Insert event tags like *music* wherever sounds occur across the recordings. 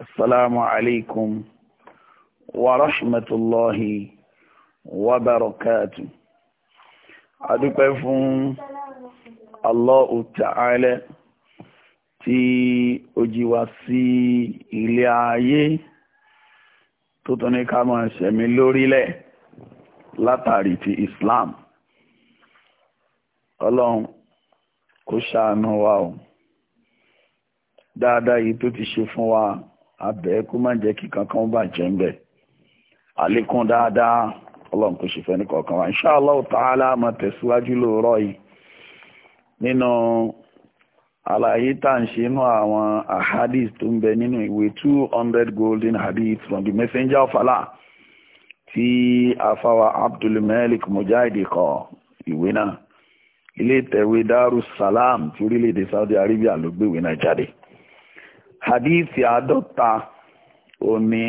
السلام عليكم ورحمة الله وبركاته adúpẹ́ fún Allahu Ta'ala tí ó jí wa sí ilé látàrí ti Islam ọlọ́run kó ṣàánú wa o dáadáa yìí tó ti ṣe fún wa abẹ́ kó má jẹ́ kí kankan bá jẹ́ ń bẹ̀ àlékún dáadáa ọlọ́run kò ṣèfẹ́ ní kọ̀ọ̀kan wa insha Allah ta'ala máa tẹ̀síwájú lóòrọ̀ yìí nínú àlàyé tá à ń ṣe inú àwọn ahadith tó ń bẹ nínú ìwé two hundred golden hadith from the messenger of Allah tí afawa abdulmalik mujahid kọ ìwé náà ilé ìtẹ̀wé darussalam ti orílẹ̀-èdè saudi arabia ló gbéwé náà jáde hadith àádọ́ta òní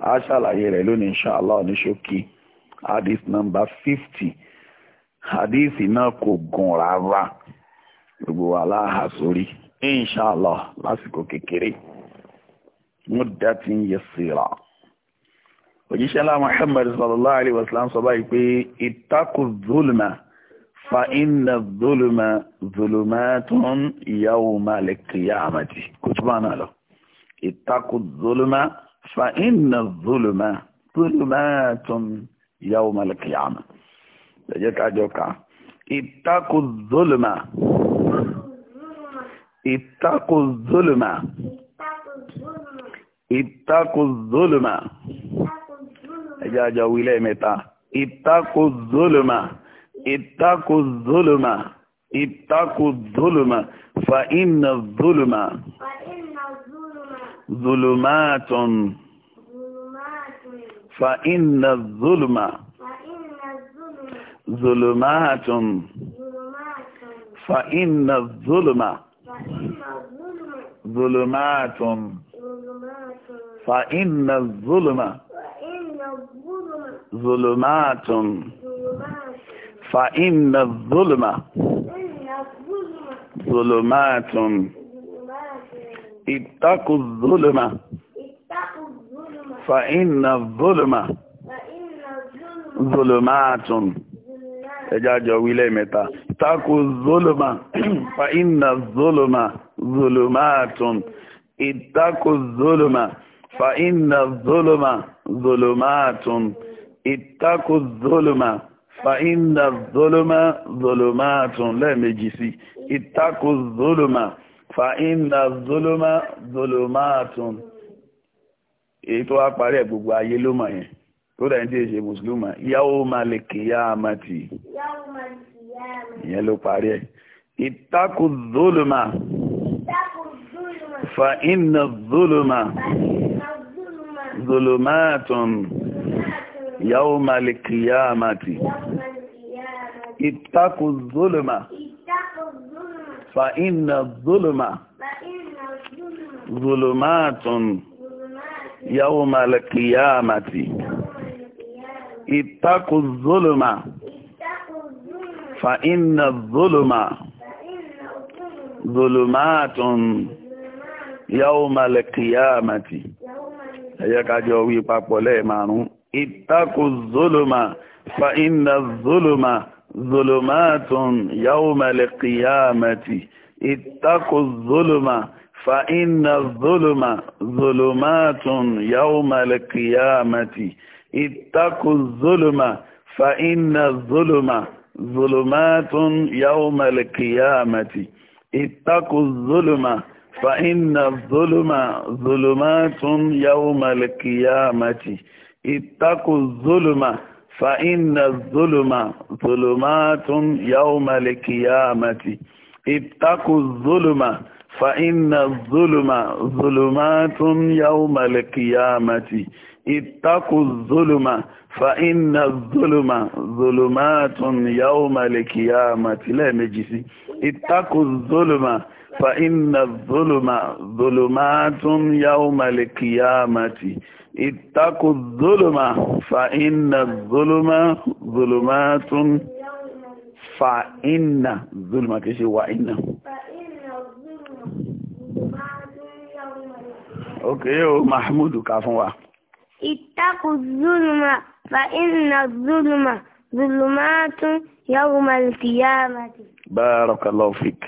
a ṣàlàyé rẹ̀ lónìí inshallah ní ṣókí hadith number fifty hadith náà kò gùn rárá gbogbo wa láhà sórí inshallah lásìkò kékeré muddatin yasira òjíṣẹ́ lá Muhammad sallallahu alaihi wasallam sọ báyìí pé ittaqu zulma fa inna zuluma zulumatun yawma al-qiyamati kò túbọ̀ náà lọ ìtakù zuluma fa inna zuluma zulumatun yawma al-qiyama lẹ́jẹ́ kájọ ká ìtakù zuluma ìtakù zuluma ìtakù zuluma ẹjẹ́ àjọ wílẹ̀ mẹ́ta ìtakù zuluma. اتقوا الظلم اتقوا الظلم فإن الظلم ظلمات فإن الظلم ظلمات فإن الظلم ظلمات فإن الظلم ظلمات fa iná zulma zulumatun ìtakù zulma fa iná zulma zulumatun ẹjá jọ wílẹ̀ mẹ́ta ìtakù zulma fa iná zulma zulumatun ìtakù zulma fa iná zulma zulumatun ìtakù zulma fàínà zolomá zolomá tún lẹ́ẹ̀mejì sí ìtakò zolomá fàínà zolomá zolomá tún èyí tó wá parí ẹ̀ gbogbo ayé ló mọ̀ yẹn tó dẹ̀ ń tí èṣe mùsùlùmá yáwó máa lè àmàtì ìyẹn ló parí ẹ̀ ìtakò zolomá fàínà zolomá zolomá tún. يوم القيامة اتقوا الظلم فإن الظلم ظلمات يوم القيامة اتقوا الظلم فإن الظلم ظلمات يوم القيامة ẹ̀yẹ́ kájọ wí papọ̀ lẹ́ẹ̀márùn-ún اتقوا الظلم فإن الظلم ظلمات يوم القيامة اتقوا الظلم فإن الظلم ظلمات يوم القيامة اتقوا الظلم فإن الظلم ظلمات يوم القيامة اتقوا الظلم فإن الظلم ظلمات يوم القيامة اتقوا الظلم فإن الظلم ظلمات يوم القيامة اتقوا الظلم فإن الظلم ظلمات يوم القيامة اتقوا الظلم فإن الظلم ظلمات يوم القيامة لا مجلس اتقوا الظلم فإن الظلم ظلمات يوم القيامة اتقوا الظلمة فإن الظلمة ظلمات فإن الظلم كيش وإن اوكي او محمود كافوا اتقوا الظلمة فإن الظلمة ظلمات يوم القيامة بارك الله فيك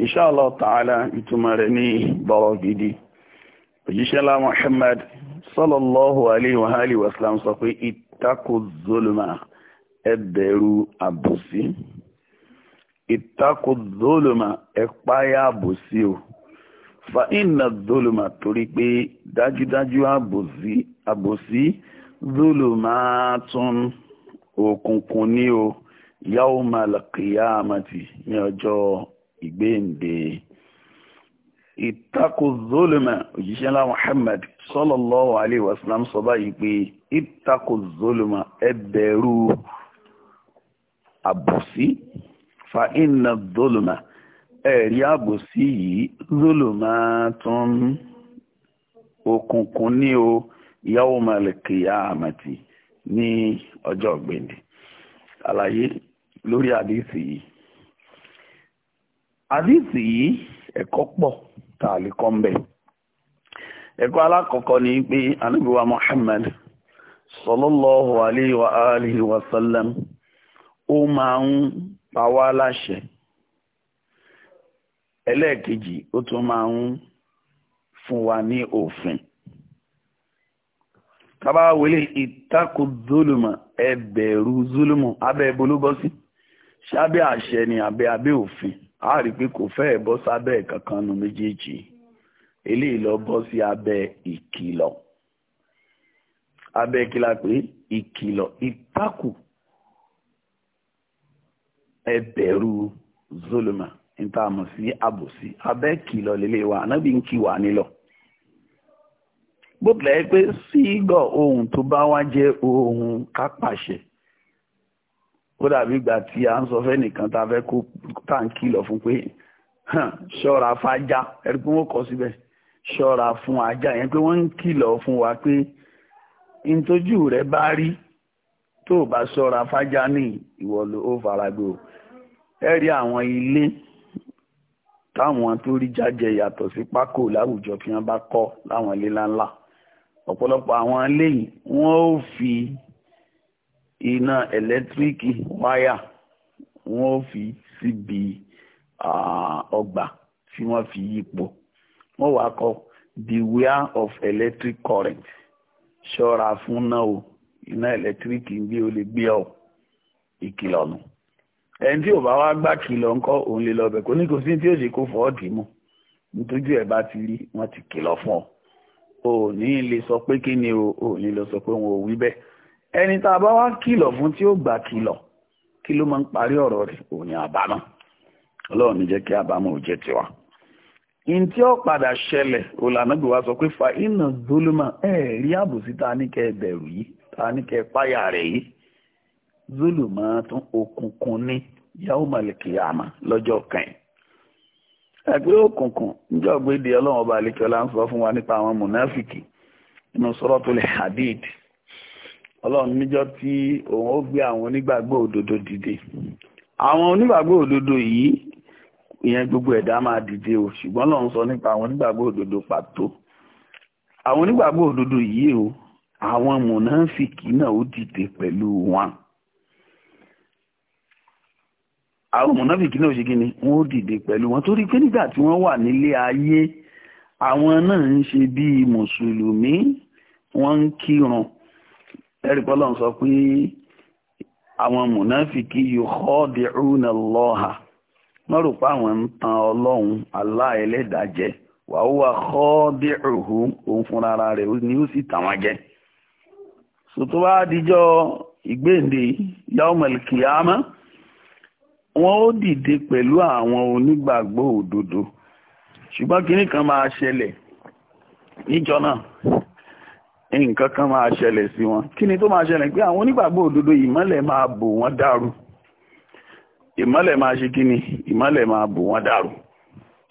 إن شاء الله تعالى يتمرني بارك دي وجيش الله محمد sọ́lọ́lọ́hù aléyìn wàhálì wàsílám sọ pé ìtakò zolomà ẹbẹ̀rù àbòsí ìtakò zolomà ẹ̀páyà àbòsí o fa iná zolomà torí pé dájúdájú àbòsí àbòsí zolomà tún òkùnkùn ní o yawmal qiyamati ní ọjọ́ ìgbéǹde. ìtakò zolima òjíṣẹ́ ńlá Muhammad sallallahu alaihi wasallam sọ báyìí pé ìtakò zolima eberu bẹ̀rù fa inna zolima ẹ̀rí àbòsí yìí zolima tún òkùnkùn ní o yawmal qiyamati ní ọjọ́ gbèndé àlàyé lórí àdìsí yìí àdìsí yìí ẹ̀kọ́ pọ̀ tá a lè kọ́ ń bẹ̀. ẹ̀kọ́ alákọ̀ọ́kọ́ ni pé anábíwá Muhammad sallallahu alayhi wa alihi wa sallam ó máa ń pa wá ẹlẹ́ẹ̀kejì ó tún máa ń fún wa ní òfin tábà wọlé zulùmọ̀ ẹbẹ̀rù zulùmọ̀ abẹ́ bolúbọ́sí ṣábẹ́ a rí i pé kò fẹ́ẹ̀ bọ́ sábẹ́ kankan nu méjèèjì eléyìí lọ bọ́ sí abẹ́ ìkìlọ̀ abẹ́ kí la pé ìkìlọ̀ ìtakù ẹbẹ̀rù zolomà níta mọ̀ sí àbòsí abẹ́ kìlọ̀ lélẹ̀ wa ànábì ń kì wá nílọ̀ bó tilẹ̀ ohun tó bá wá jẹ́ ohun kápàṣẹ ó dàbí ìgbà tí a ń sọ fẹ́ nìkan tá a fẹ́ kó tá ń kìlọ̀ fún pé ṣọ́ra fájá ẹ̀rí pé wọ́n kọ́ síbẹ̀ ṣọ́ra fún ajá yẹn pé wọ́n ń kìlọ̀ fún wa pé ntójú rẹ̀ bá rí tó bá ṣọ́ra fájá ní ìwọ ló ó faragbé o àwọn ilé táwọn tó rí jájẹ yàtọ̀ sí pákó láwùjọ tí wọ́n bá kọ́ láwọn ilé ńláńlá ọ̀pọ̀lọpọ̀ àwọn ilé wọ́n ó fi iná ẹ̀lẹ́tíríkì wáyà wọ́n ó fi síbi ọgbà tí wọ́n fi yípo wọ́n wá kọ́ beware of electric current ṣọ́ra fún náà o iná ẹ̀lẹ́tíríkì ń gbé o lè gbé ọ ìkìlọ̀ nù ẹni tí ò bá wá gbà kìlọ̀ ńkọ́ òun lè lọ bẹ̀ kó ní kò sí tí ó ṣe kó fọ́ ọ́ dì mú nítorí ẹ̀ bá ti rí wọ́n ti kìlọ̀ fún ọ ò ní lè sọ pé kí ni o ò ní lè sọ pé wọn ò wí bẹ́ẹ̀ ẹni tá a bá wá kìlọ̀ fún tí ó gbà kìlọ̀ kí ló máa ń parí ọ̀rọ̀ rẹ̀ tiwa in tí ṣẹlẹ̀ olànàgbè wa sọ pé fa iná zuluma ẹ rí àbòsí ta ní kẹ́ bẹ̀rù yìí ta ní kẹ́ páyà rẹ̀ yìí zuluma tún òkùnkùn ní yawmal kiyama lọ́jọ́ kan ẹgbẹ́ níjọ́ gbé di ọlọ́run ọba ọlá ń sọ hadid ọlọ́run níjọ́ tí òun ó gbé àwọn onígbàgbọ́ òdodo dìde àwọn onígbàgbọ́ òdodo yìí ìyẹn gbogbo ẹ̀dá máa dìde o ṣùgbọ́n lọ́run sọ nípa àwọn onígbàgbọ́ òdodo pàtó àwọn onígbàgbọ́ òdodo yìí o àwọn mùnáfìkì náà ó dìde pẹ̀lú wọn àwọn mùnáfìkì náà ó ṣe kí ni wọ́n ó dìde pẹ̀lú wọn torí pé nígbà tí wọ́n wà nílé ayé àwọn náà ń ṣe bíi mùsùlùmí wọ́n ń kírun ẹ̀rí pọ́lọ́n sọ pé àwọn mùnáfìkì yukhadi'una Allaha wọ́n rò pé àwọn ń tan ọlọ́run aláìlẹ́dàjẹ́ eleda òun fúnra rẹ̀ ni ó sì jẹ. sòtò ìgbéǹde yawmal wọn ó dìde pẹ̀lú àwọn onígbàgbọ́ òdodo ṣùgbọ́n kinní kan máa ṣẹlẹ̀ níjọ náà nǹkan kan máa ṣẹlẹ̀ sí wọn kí ni tó máa ṣẹlẹ̀ pé àwọn onígbàgbọ́ òdodo ìmọ́lẹ̀ máa bò wọ́n dàrú ìmọ́lẹ̀ máa ṣe kí ni ìmọ́lẹ̀ máa bò wọ́n dàrú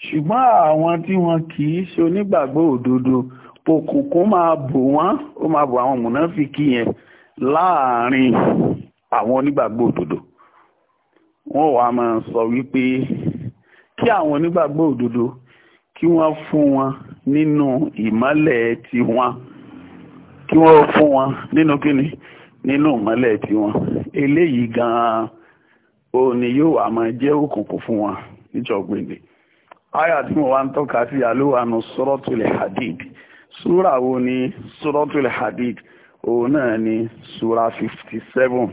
ṣùgbọ́n àwọn tí wọn kì í ṣe onígbàgbọ́ òdodo òkùnkùn máa bò wọ́n ó máa bò àwọn mùnáfìkì yẹn láàárín àwọn onígbàgbọ́ òdodo wọ́n wàá máa sọ wípé kí àwọn onígbàgbọ́ òdodo kí wọ́n fún wọn nínú ìmọ́lẹ̀ tiwọn kí wọ́n fún wọn nínú kíni nínú ìmọ́lẹ̀ tiwọn eléyìí gan-an ó ní yóò wá máa jẹ́ òkùnkùn fún wọn níjọ̀gbìnì àyà tí mo wá ń tọ́ka sí àlóhànú suratul hadid súrà wo ni suratul hadid òun náà ni súrà fifty seven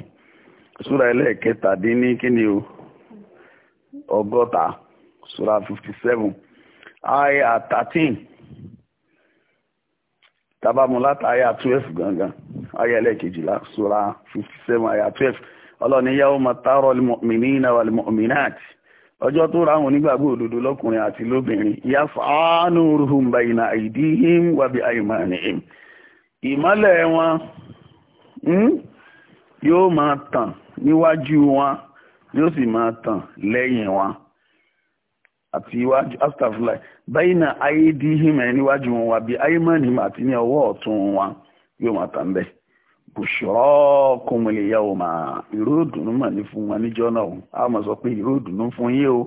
súrà ẹlẹ́ẹ̀kẹtàdínní kíni o ọgọ́ta súrà fifty seven àyà thirteen. tábàmù látàáyà 12 gangan ayé ẹlẹ́ẹ̀kejìlá sura 57 seven ayà twelve ọlọ́ni yawma tara al-mu'minina wal-mu'minat ọjọ́ tó ráwọn onígbàgbọ́ òdodo lọ́kùnrin àti lóbìnrin yas'a nuruhum bayna aydihim wa bi aymanihim ìmọ́lẹ̀ wọn hmm, yóò máa tàn níwájú wọn yóò sì máa tàn lẹ́yìn wọn àti iwájú astafula bẹ́yìnà ayé dí hímẹ̀ níwájú wọn wá bí ayé mọ́ nìmọ̀ àti ní ọwọ́ ọ̀tún wọn yóò máa tàn bẹ́ẹ̀ bùṣọ́ kọmọlẹ̀ ìyá o máa ìró ìdùnnú mà ní fún wọn níjọ́ náà o a máa sọ pé ìró ìdùnnú fún yín o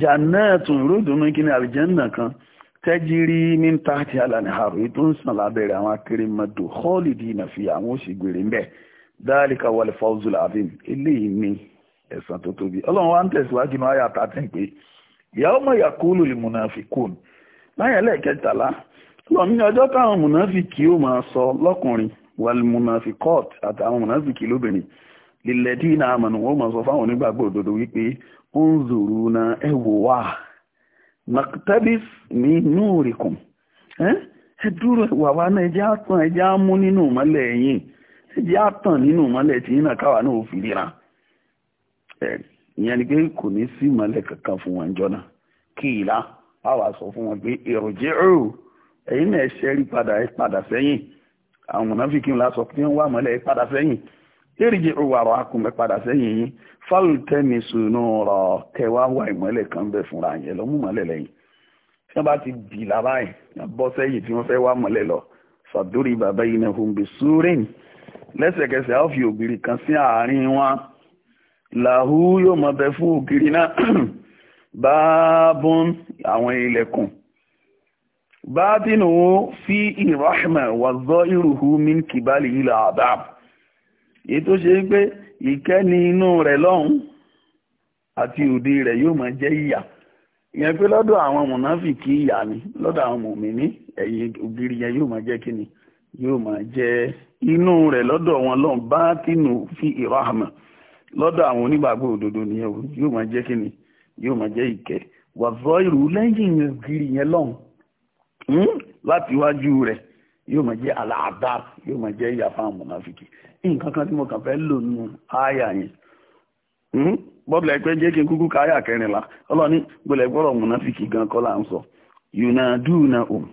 jannatun ìró ìdùnnú kí ni àlùjànnà kan tẹ́jírí ní ta ti alàní àrò èyí tó ń sàn lábẹ́rẹ́ àwọn akérèmọdò họ́ọ̀lìdì ìnàfi àwọn òṣìgbèrè ń bẹ̀ dáríkà wal fawzul azim eléyìí ni ẹ̀san tó tóbi ọlọ́run wa ń tẹ̀síwájú ní àyà 13 pé yàwọ́mọ̀ yakulu lè mùnàfikún láyé ẹlẹ́ẹ̀kẹtàlá lọ ní ọjọ́ táwọn mùnàfikì ó máa sọ lọ́kùnrin wàlmùnàfikọ́t àtàwọn mùnàfikì lóbìnrin lílẹ̀dí náà àmọ̀nù wọ́n máa sọ fáwọn onígbàgbọ́ òdodo wípé ó ń na ẹ wò wá maktabis ní núùrìkùn ẹ dúró wà wá náà ẹjẹ́ àtàn nínú yìí àtàn nínú tí náà ò fi ìyẹn ni pé kò ní sí ìmọ̀lẹ̀ kankan fún wọn jọ náà kí ìlà á wà sọ fún wọn pé èròjẹ́ o ẹ̀yin náà ṣẹ́ rí padà ẹ padà sẹ́yìn àwọn mọ̀nàfíkì ńlá sọ pé wọ́n wà mọ́lẹ̀ ẹ padà sẹ́yìn èrìjì òwàrọ̀ akùnbẹ padà sẹ́yìn yín fáwọn tẹ́mi sùnú rọ kẹwàá wà ìmọ́lẹ̀ kan bẹ fúnra yẹn lọ mọ́lẹ̀ lẹ́yìn tí wọ́n bá ti bì lára ẹ̀ bọ́ sẹ́yìn tí wọ́n fẹ́ wá mọ́lẹ̀ lọ fàdúrì bàbá yìí náà hùn bí súrẹ́ni lẹ́sẹ̀kẹsẹ̀ á fi ògiri kan sí àárín wọn làhú yóò máa bẹ fún ògiri náà *clears throat* báábùn àwọn ilẹ̀kùn báátínú fi ìrọ́ṣmẹ̀ wàzọ́ ìrùhú min kìbálì ilẹ̀ àdáb èyí tó ṣe pé ìkẹ́ni inú rẹ̀ lọ́hùn àti òde rẹ̀ yóò máa jẹ́ ìyà ìyẹn pé lọ́dọ̀ àwọn mùnáfìkì ìyà ni lọ́dọ̀ àwọn mùmíní ẹ̀yìn ògiri yẹn yóò máa jẹ́ kíni yóò máa jẹ́ inú rẹ̀ lọ́dọ̀ wọn lọ́hùn báátínú fi ìrọ́ṣmẹ̀ lọ́dọ̀ àwọn onígbàgbọ́ òdodo ni o yóò máa jẹ́ kí ni yóò máa jẹ́ ìkẹ́ wàzọ́ ìrù lẹ́yìn gírí yẹn lọ́hùn hmm? láti wájú rẹ̀ yóò máa jẹ́ àlàáda yóò máa jẹ́ ìyà fáwọn mọ̀nàfíkì nǹkan kan tí mo kàn fẹ́ lò nù yẹn hmm? ẹgbẹ́ jẹ́ kí n kúkú káyà kẹrìnlá gbọ́dọ̀ gan kọ́ là ń sọ òun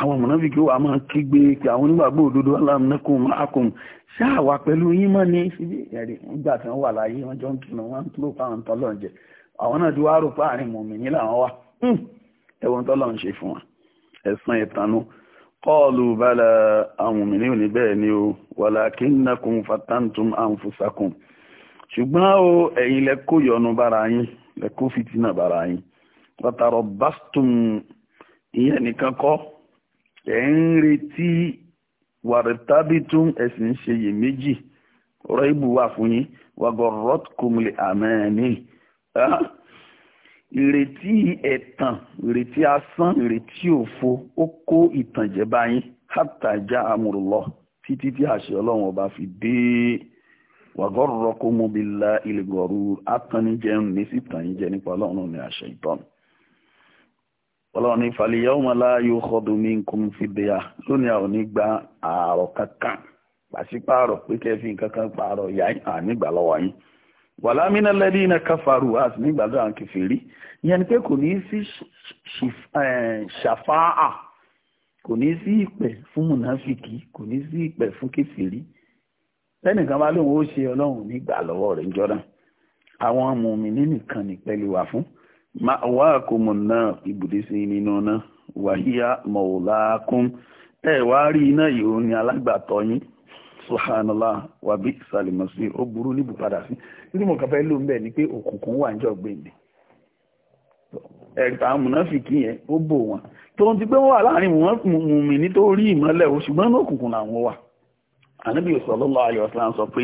àwọn mọ̀nàbíkì ó àmọ́ kígbe pé àwọn onígbàgbọ́ òdodo aláàmúnákùn máàkùn ṣáàwà pẹ̀lú yín mọ́ ní síbí ẹ̀rí nígbà tí wọ́n wà láyé wọ́n jọ ń kìnnà wọ́n ń tó fáwọn tọ́lọ̀ jẹ àwọn náà ti wá rò pé mọ̀mí ní làwọn wà ẹ̀wọ̀n tọ́lọ̀ ń ṣe fún wa ẹ̀sán ìtanú kọ́ọ̀lù bala àwọn mọ̀mí ní bẹ́ẹ̀ ni o walakinnakum o ẹ̀yin lẹ kó yọnu bára yín lẹ ìyẹn nìkan kọ́ ẹ̀ ń retí wàrìtábìtún ẹ̀sìn ń ṣe iyèméjì ọ̀rọ̀ ìbù wà fún yín wàgọ̀rọ̀t kùmìlì àmẹ́ẹ̀ni ah, ìrètí ẹ̀tàn ìrètí asán ìrètí òfo ó kó ìtànjẹ bá yín hátàjá amúrùlọ títí tí àṣẹ ọlọ́run ọba fi dé wàgọ̀rọ̀kùmùbìlà ìlẹ̀gọ̀rù atànijẹ́ ní sítànijẹ́ nípa ọlọ́run ní àṣẹ ìtọ́nù ọlọ́run ní falẹ̀ yẹ́wò máa láàyò kọ́dùn ní nkùn fi bẹ́yà lónìí àwọn onígbà àárọ̀ kankan pàṣípààrọ̀ pé kẹfì kankan pààrọ̀ ìyá ànígbà lọ́wọ́ yín wàlá mi náà lẹ́dí iná káfàrú àti nígbà tó à ń kẹfìrí ìyẹn ni pé kò ní sí ṣàfáà kò ní sí ìpẹ̀ fún mùnáfìkì kò ní sí ìpẹ̀ fún kẹfìrí lẹ́nìkan bá lóun ó ṣe ọlọ́run nígbà lọ́wọ́ rẹ̀ ń jọ́dá àwọn mùmí nínìkan nípẹ́lú wà fún ma'awakumun náà ibùdí sí nínú náà wàhíyá mọ̀ọ́lákún ẹ wá rí iná ìhò ní alágbàtọ́ yín subhanallah wàbí salimasi ó burú níbù padà sí nínú mọ̀ọ́kà ló ń bẹ̀ ni pé òkùnkùn wà níjọ́ gbèǹde ẹ̀ta amúnáfìkì yẹn ó bò wọn tó ń ti pé wọ́n wà láàrin nítorí ìmọ́lẹ̀ o ṣùgbọ́n ní òkùnkùn làwọn wà ànábì sọ pé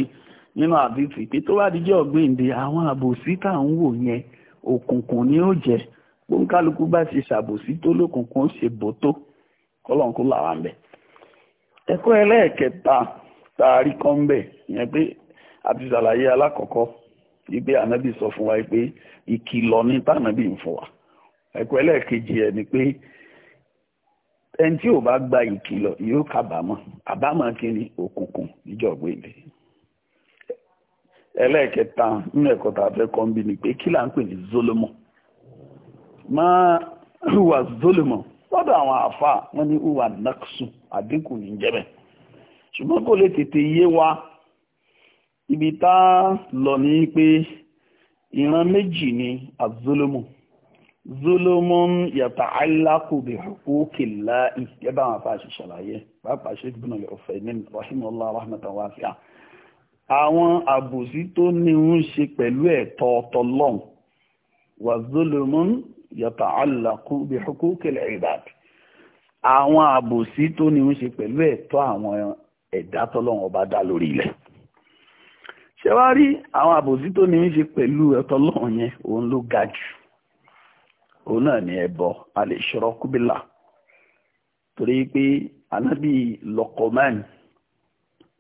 nínú àdìsí pé tó bá àwọn àbòsí tá à yẹn òkùnkùn ni ó jẹ́ gbóńkálukú bá ṣe ṣàbòsí tó lókùnkùn ó ṣe bòtó kọ́lọ́nkú làwọn àbẹ̀. ẹ̀kọ́ ẹlẹ́ẹ̀kẹta taari kan bẹ̀ yẹn pé àti ṣàlàyé alákọ̀ọ́kọ́ wípé ànábì sọ fún wa pé ìkìlọ̀ ní tànábì ń fún wa ẹ̀kọ́ ẹlẹ́ẹ̀kejì ẹ̀ ni pé ẹni tí ò bá gba ìkìlọ̀ yóò kábàámọ̀ àbámọ̀ kí ni òkùnkùn níjọ́ gbèdé ẹlẹ́ẹ̀kẹta nínú ẹ̀kọ́ tá a fẹ́ kọ́ ń bí ni pé kí là ń pè ní zolomo máa hùwà zolomo lọ́dọ̀ àwọn àfa wọn ní hùwà naksu àdínkù ní jẹ́bẹ̀ ṣùgbọ́n kò lè tètè yé wa ibi tá a lọ ní pé ìran méjì ni azolomo zolomo yàtọ̀ alákòbè òkè láì gẹ́gẹ́ bá àwọn àfa àṣìṣàlàyé pàápàá ṣe gbọ́nà ọ̀fẹ́ ní rahimahullah rahmatan wasi'a àwọn àbòsí tó ní ń ṣe pẹ̀lú ẹ̀tọ́ ọ̀tọ̀lọ́n wà zulumun yata'allaqu bi huquqil ibad àwọn àbòsí tó ní ń ṣe pẹ̀lú ẹ̀tọ́ àwọn ẹ̀dá tọ́lọ́run ọba dá lórí ilẹ̀ ṣe àwọn àbòsí tó ní ń ṣe pẹ̀lú ẹ̀tọ́ ọlọ́run yẹn òun ló ga jù òun náà ni ẹbọ al-ishraku billah torí pé anábì Luqman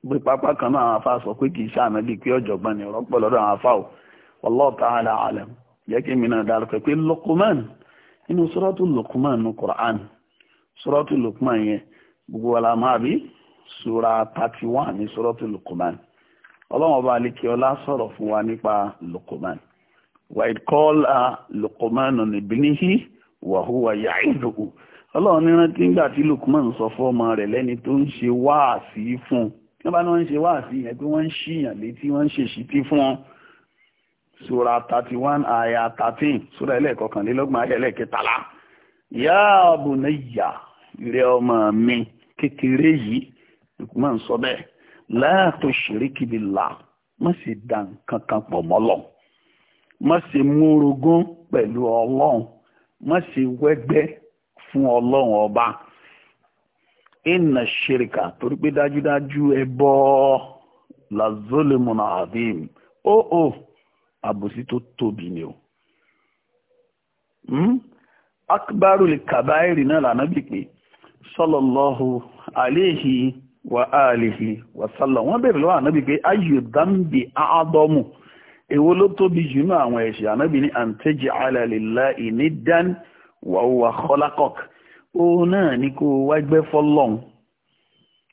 bí pápá kan náà àwọn afá sọ pé kì í ṣànábì pé ọ̀jọ̀gbọ́n ni rọ́pọ̀ lọ́dọ̀ àwọn afá o wallahu ta'ala alam jẹ́ kí mìíràn dárúkọ pé Luqman nínú suratu Luqman nínú Qur'an suratu Luqman yẹn gbogbo wa la máa bí sura thirty one ní suratu Luqman ọlọ́wọ́n bá lè kí ọlá sọ̀rọ̀ fún wa nípa Luqman wa tí wọ́n bá ní wọ́n ń ṣe wá sí yẹn wọ́n ń ṣìyàn létí wọ́n ń ṣèṣì tí fún wọn sura thirty one aya thirteen sura ẹlẹ́ẹ̀kọkànlélọ́gbọ̀n aya ẹlẹ́ẹ̀kẹtàlá ya bunayya ìrẹ́ ọmọ mi kékeré yìí Lukman sọ bẹ́ẹ̀ la tushriki billah má ṣe dà nǹkan kan pọ̀ mọ́ Ọlọ́run má ṣe múrogún pẹ̀lú ọlọ́run má ṣe wẹ́gbẹ́ fún ọlọ́run ọba inna ṣìríkà torí pé dájúdájú ẹbọ lazolimuna adim ó o àbòsí tó tóbi ni o hmm? akbaru lè kàbáyìrì náà lànà bí pé sọlọlọhu àléhì wà áàlèhì wà sálọ wọn bẹ̀rẹ̀ lọ́wọ́ ànábì pé ayò dáńbì àádọ́mù èwo ló tóbi jù ní àwọn ẹ̀ṣẹ̀ ànábì ní àǹtẹ́jì alàlélá ìnídán wà ó wà kọ́lákọ̀kì òun náà ni kó o wágbẹ́ fọ́lọ́hún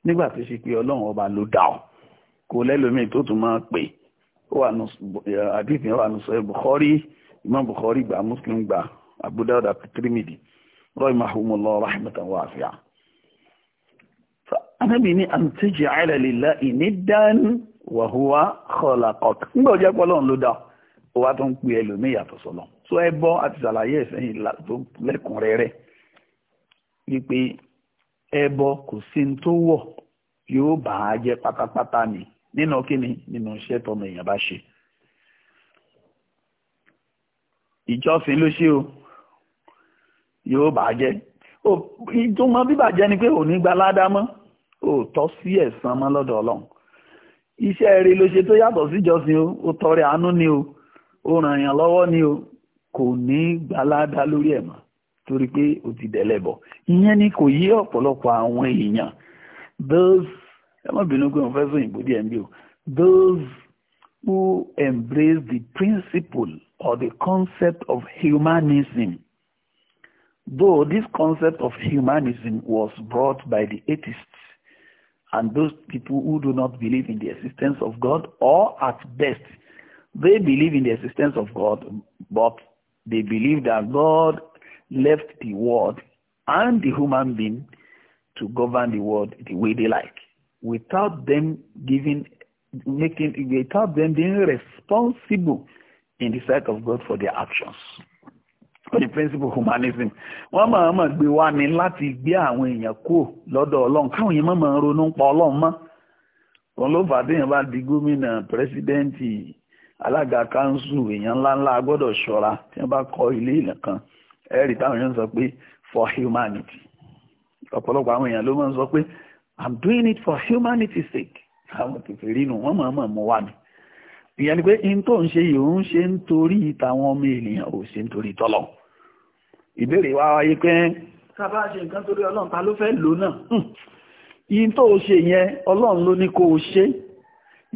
nígbà tó ṣe pé ọlọ́run ọba ló dà ọ́ kò lẹ́lòmíì tó tún máa pè ó wà nù àdìsí wà nù sọ Bukhari Imam Bukhari gba Muslim gba Abu Dawud Tirmidhi rahimahumullah rahmatan wasi'a. anábì ní an taj'ala lillahi niddan wa huwa khalaqak nígbà ó jẹ́ pé ló dà ọ́ wá tó ń pè ẹlòmíì yàtọ̀ sọ́lọ́ so ẹ bọ́ àti ṣàlàyé ẹ̀sẹ̀ yìí lẹ́kùnrẹ́rẹ́ wípé ẹbọ kò sí ní tó wọ yóò bà pátápátá ni nínú kíni nínú iṣẹ́ èèyàn bá ṣe ìjọfin ló ṣe o yóò bà á jẹ́ ìtumọ̀ bíbàjẹ́ ni pé ò gba ládàá mọ́ ò tọ́ sí o tọrẹ ni o o ràn yàn ni o kò ní gbalada lórí torí pé o ti ìyẹn ni kò yé ọ̀pọ̀lọpọ̀ àwọn èèyàn those sọ díẹ̀ níbí o those who embrace the principle or the concept of humanism though this concept of humanism was brought by the atheists and those people who do not believe in the existence of God or at best they believe in the existence of God but they believe that God left the world and the human being to govern the world the way they like without them giving making without them being responsible in the sight of God for their actions. For the principle of humanism. Wọ́n máa ma gbé wá ní láti gbé àwọn èèyàn kúrò lọ́dọ̀ Ọlọ́run káwọn èèyàn máa ma ronú pa Ọlọ́run mọ́. Wọ́n ló fà déèyàn bá di gómìnà pírẹ́sídẹ́ǹtì alága káńsù èèyàn ńláńlá gbọ́dọ̀ ṣọ́ra tí wọ́n bá kọ́ ilé ìlẹ̀ kan ẹ̀rí táwọn èèyàn sọ pé for humanity ọ̀pọ̀lọpọ̀ àwọn èèyàn ló máa ń sọ pé i'm doing it for humanity's sake àwọn kìfì rí nù wọ́n máa mọ̀ mọ́ wà ní ìyẹn ni pé in tó ń ṣe yìí ó ń ṣe nítorí ọmọ ènìyàn ò ṣe nítorí tọ́lọ̀ ìbéèrè wa wáyé pé sábà ṣe nǹkan torí ọlọ́run ta ló fẹ́ lò náà in hmm. tó ṣe yẹn ọlọ́run ló ní kó o ṣe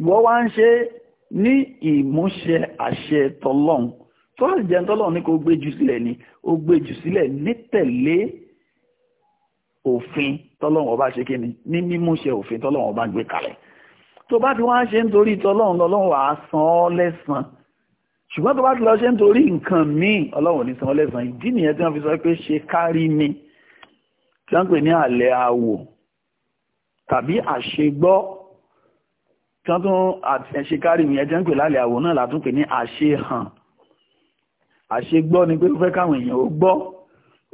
ìwọ wá ń ṣe ní ìmúṣẹ àṣẹ tọlọ́run tó bá jẹ́ tọ́lọ̀ ní kó gbé jù sílẹ̀ ni ó gbé jù sílẹ̀ ní tẹ̀lé òfin tọ́lọ́run ọba ṣe kí ni ní mímúṣẹ òfin tọ́lọ́run ọba gbé kalẹ̀ tó bá ti wá ṣe nítorí tọ́lọ́run lọ́lọ́run wàá san ọ́ lẹ́san ṣùgbọ́n tó bá ti lọ ṣe nítorí nǹkan míì ọlọ́run ní san ọ́ lẹ́san ìdí nìyẹn tí wọ́n fi sọ pé ṣe kárí mi tí wọ́n ń pè ní àlẹ́ àwò tàbí àṣegbọ́ tí wọ́n tún àṣekárí mi ẹ̀ tí wọ́n ń pè lálẹ́ àwò náà látún pè ní àṣehàn àṣegbọ́ ni pé ó fẹ́ káwọn èèyàn ó gbọ́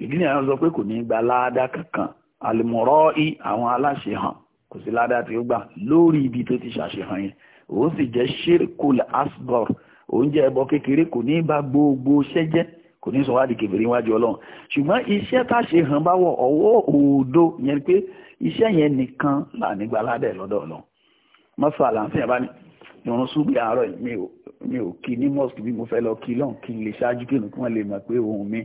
ìdí nìyẹn sọ pé kò ní gba láàdá kankan àlùmọ̀rọ́ i àwọn aláṣẹ hàn kò sí láàdá tí ó gbà lórí ibi tó ti ṣàṣehàn yẹn òun sì jẹ́ ṣírkul asgor òun jẹ́ ẹbọ kékeré kò ní bá gbogbo iṣẹ́ jẹ́ kò ní sọ wá di kèfèrí ọlọ́run ṣùgbọ́n iṣẹ́ táṣe hàn bá wọ ọwọ́ òdo yẹn pé iṣẹ́ yẹn nìkan là nígbà ládẹ̀ lọ́dọ̀ ọlọ́run mọ́sálà mi ò kí ní mosque bí mo fẹ́ lọ kí lọ́n kí n lè ṣáájú kí nìkan wọ́n lè mọ̀ pé ohun mi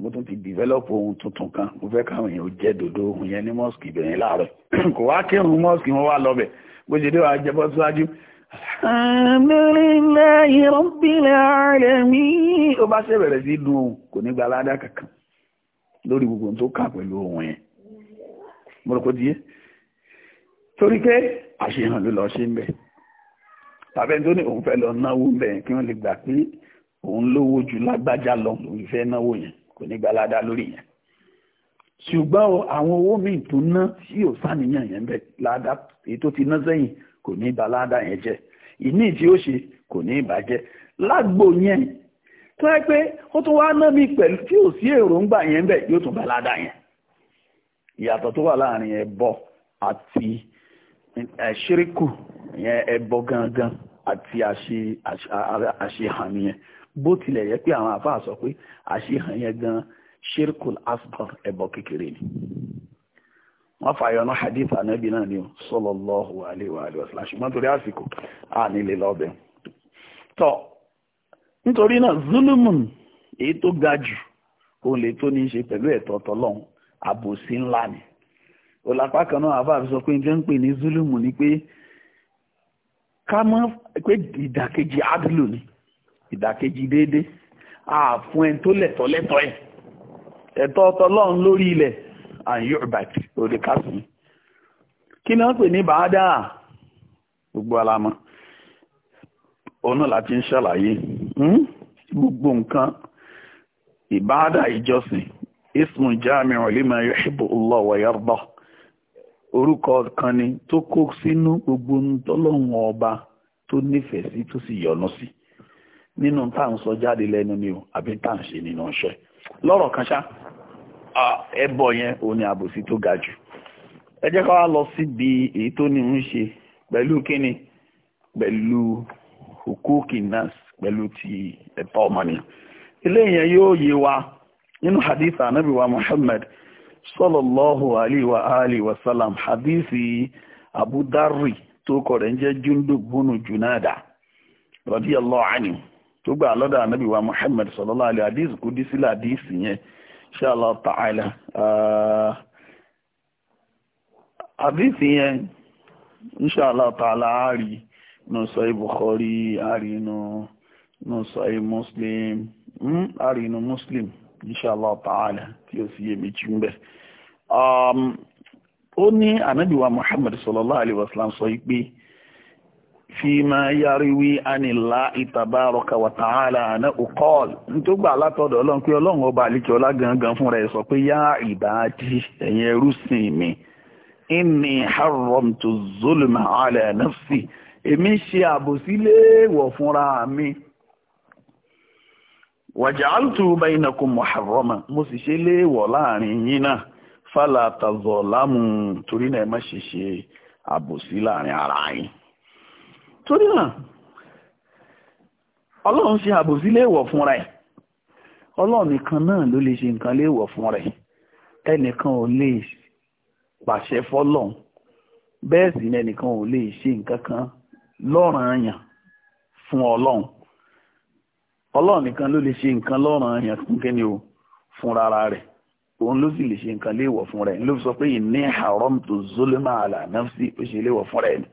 mo tún ti develop ohun tuntun kan mo fẹ́ káwọn èèyàn jẹ́ dòdò ohun yẹn ní mosque ibẹ̀yẹn láàárọ̀ *clears throat* kò wá kírun mosque wọn wá lọ́bẹ̀ bó ṣe dé wàá jẹ́bọ́ síwájú. alhamdulillahi rabbil alamin. ó bá ṣe bẹ̀rẹ̀ sí dun ohun kò ní gba aládá kankan lórí gbogbo tó kà pẹ̀lú ohun yẹn mo rò kó díẹ̀ torí pé àṣehàn ló lọ ṣe ń bẹ́ẹ̀ tàbí ẹni tó ní òun fẹ́ lọ náwó bẹ́ẹ̀ kí wọ́n lè gbà pé òun lówó ju lágbájá lọ òun fẹ́ náwó yẹn kò ní gba ládá lórí yẹn ṣùgbọ́n àwọn owó míì tó ná tí ò sàníyàn yẹn bẹ́ẹ̀ ládá èyí tó ti ná sẹ́yìn kò ní ba ládá yẹn jẹ́ ìní tí ó ṣe kò ní ìbàjẹ́ lágbo yẹn tó yẹ pé ó tún wá ná mi pẹ̀lú tí ò sí èròǹgbà yẹn bẹ́ẹ̀ yóò tún ba yẹn ìyàtọ̀ tó wà láàrin ẹbọ àti ṣíríkù ìyẹn ẹbọ gangan àti ase bó tilẹ̀ yẹ pé àwọn sọ pé àṣehàn gan shirkul asghar ẹbọ kékeré ni wọ́n fàyọ náà hadith anabi náà ni sọlọlọ alaihi wa alihi wasallam torí àsìkò à nílé lọ́bẹ̀ tọ nítorí náà zulumun èyí tó ga jù lè tó ní í ṣe ni òlàpá kan náà àbá sọ ń ní ni pé ká mọ̀ pé ìdàkejì adúlù ni ìdàkejì déédéé àfún ẹni tó lẹ̀tọ́ lẹ́tọ́ ẹ̀ ẹ̀tọ́ ọtọlọ́run lórí ilẹ̀ and yorùbát òde kásùn kí ni wọ́n pè ní bàádà gbogbo alamọ òun náà láti ń ṣàlàyé hmm? gbogbo nǹkan ìbáàdà ìjọsìn ismu jamiu lima yuhibbu Allah wa yarda orúkọ kan ni tó kó sínú gbogbo tọ́lọ́hún ọba tó nífẹ̀ẹ́ sí tó sì yọ́nú sí nínú tá à ń sọ jáde lẹ́nu ni o àbí tá à ń ṣe nínú iṣẹ́ lọ́rọ̀ kan ṣá ẹbọ yẹn òun ni àbòsí tó ga jù ẹ jẹ́ ká wá lọ síbi èyí tó ní ń ṣe pẹ̀lú kíni pẹ̀lú hukuki nas pẹ̀lú ti ẹ̀tọ́ ọmọnìyàn yẹn yóò yé wa nínú hadith anabi wa sọ́lọ̀lọ́hù àlìwà àlìwà sálàm hadisi abudarri tó kọ̀rẹ̀ ń jẹ́ jundub bunu junada radiyallahu anhu tó gbà lọ́dọ̀ ànábì wa muhammad sallallahu alaihi hadisi kú dí sílẹ̀ hadisi yẹn inshallah ta'ala uh, hadisi yẹn inshallah ta'ala àárí nù sọ Bukhari àárí nù sọ muslim àárí hmm? nù muslim inshallah ta'ala tí ó sì yé méjì ń bẹ̀. Um, ó ní ànábìwá muhammad sallallahu alayhi wa sallam sọ pé fíìmà yáríwí anìlá ìtàbárọ̀kà wa ta'ala àná òkọ́ọ̀lù nítorí gbà látọ̀dọ̀ ọlọ́run pé ọlọ́run ọba àlejò ọlá gangan fúnra ẹ̀ sọ pé yá ìbàdí ẹ̀yin ẹrú sìn mi inni harramtu zulma ala nafsi èmi ṣe àbòsí léèwọ̀ fúnra mi wàjàǹtù bainakum muharrama mo sì ṣe léèwọ̀ láàrin yín náà fàlà tàzọ̀ lámù torí náà ẹ má ṣe ṣe àbòsí láàrin ara yín torí náà ọlọ́run ṣe àbòsí léèwọ̀ fún rẹ̀ ọlọ́run nìkan náà ló lè ṣe nǹkan léèwọ̀ ẹnìkan ò lè pàṣẹ bẹ́ẹ̀ sì ni ẹnìkan ò lè ọlọ́run nìkan ló lè ṣe nǹkan lọ́rùn èèyàn fún kíni o fún rárá rẹ̀ òun ló sì lè ṣe nǹkan léèwọ̀ fún rẹ̀ ló sọ pé ìní haram tó zolema ala nafsi ó ṣe léèwọ̀ fún rẹ̀ ni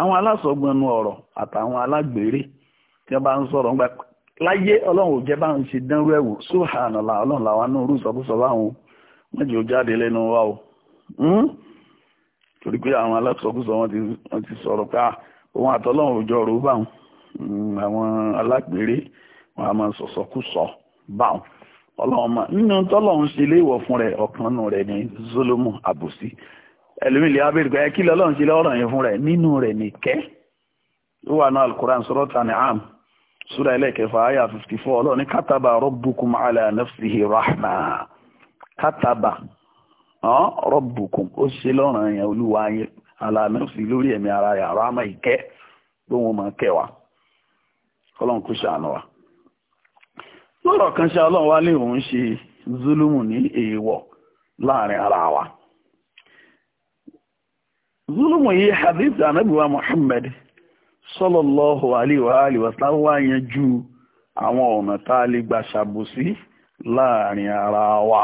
àwọn alásọgbọnnu ọ̀rọ̀ àtàwọn alágbèrè tí wọ́n bá ń sọ̀rọ̀ ń gbà láyé ọlọ́run ò jẹ́ bá ń ṣe dánrú ẹ̀wò subhanallah ọlọ́run làwọn náà rú sọ́kúsọ báwọn wọ́n jẹ́ jáde lẹ́nu wa o hmm? torí pé àwọn alásọkúsọ wọn ti sọ̀rọ̀ ah, wọn a máa sọ̀sọ̀kúsọ báwọn ọla máa nínú tọ́lọ́run ṣe léèwọ̀ fún rẹ̀ ọ̀kanú rẹ̀ ní zolomo àbòsí ẹlòmíì lè abẹ́rẹ́ pé kí lọ́lọ́run ṣe lọ́rọ̀ yẹn fún rẹ̀ nínú rẹ̀ ní kẹ́ ó wà ní am fifty four ọlọ́run ní kátàbà rọ́bùkún rahma kátàbà rọ́bùkún ó ṣe yẹn olúwa yẹn ala lórí ẹ̀mí ara ìkẹ́ gbóhùn máa kẹwàá ọlọ́run lọ́rọ̀ kan ṣe ọlọ́run wá ní òun ṣe zulumu ní èèwọ̀ láàrin ara wa zulumu yìí hadith anabiwa muhammad sallallahu alaihi wa alihi wa sallam wá yanjú àwọn ọ̀nà tá a lè gbà ṣàbòsí láàrin ara wa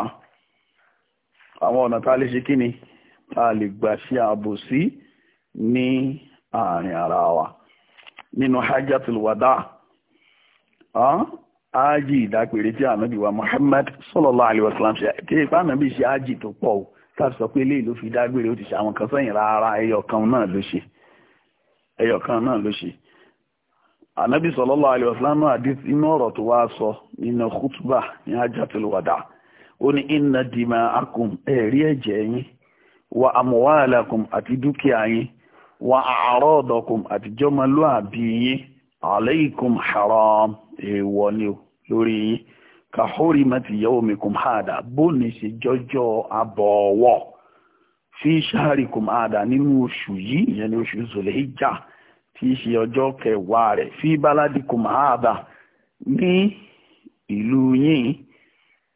àwọn ọ̀nà tá lè ṣe kí ni tá lè gbà ṣe àbòsí ní àárín ara wa nínú hajjatul wada ájì ìdápèrè tí ànábì wa Muhammad sọlọlọ alaihi ṣe tí ipá ànábì ṣe ájì tó pọ̀ o káàpì sọ pé eléyìí ló fi dágbére ó ti ṣe àwọn kan sẹ́yìn rárá ẹyọkan náà ló ṣe ànábì sallallahu alaihi inú tó wá sọ nínú ní ó ní yín wa aleikum haram èèwọ̀ ni o lórí yín ka hurimati yawmikum hada bóni ṣe jọjọ abọ̀wọ̀ fi shahrikum hada nínú oṣù yìí ìyẹn ni oṣù zulhijja tí í ṣe ọjọ́ kẹwàá rẹ̀ fi baladikum hada ní ìlú yín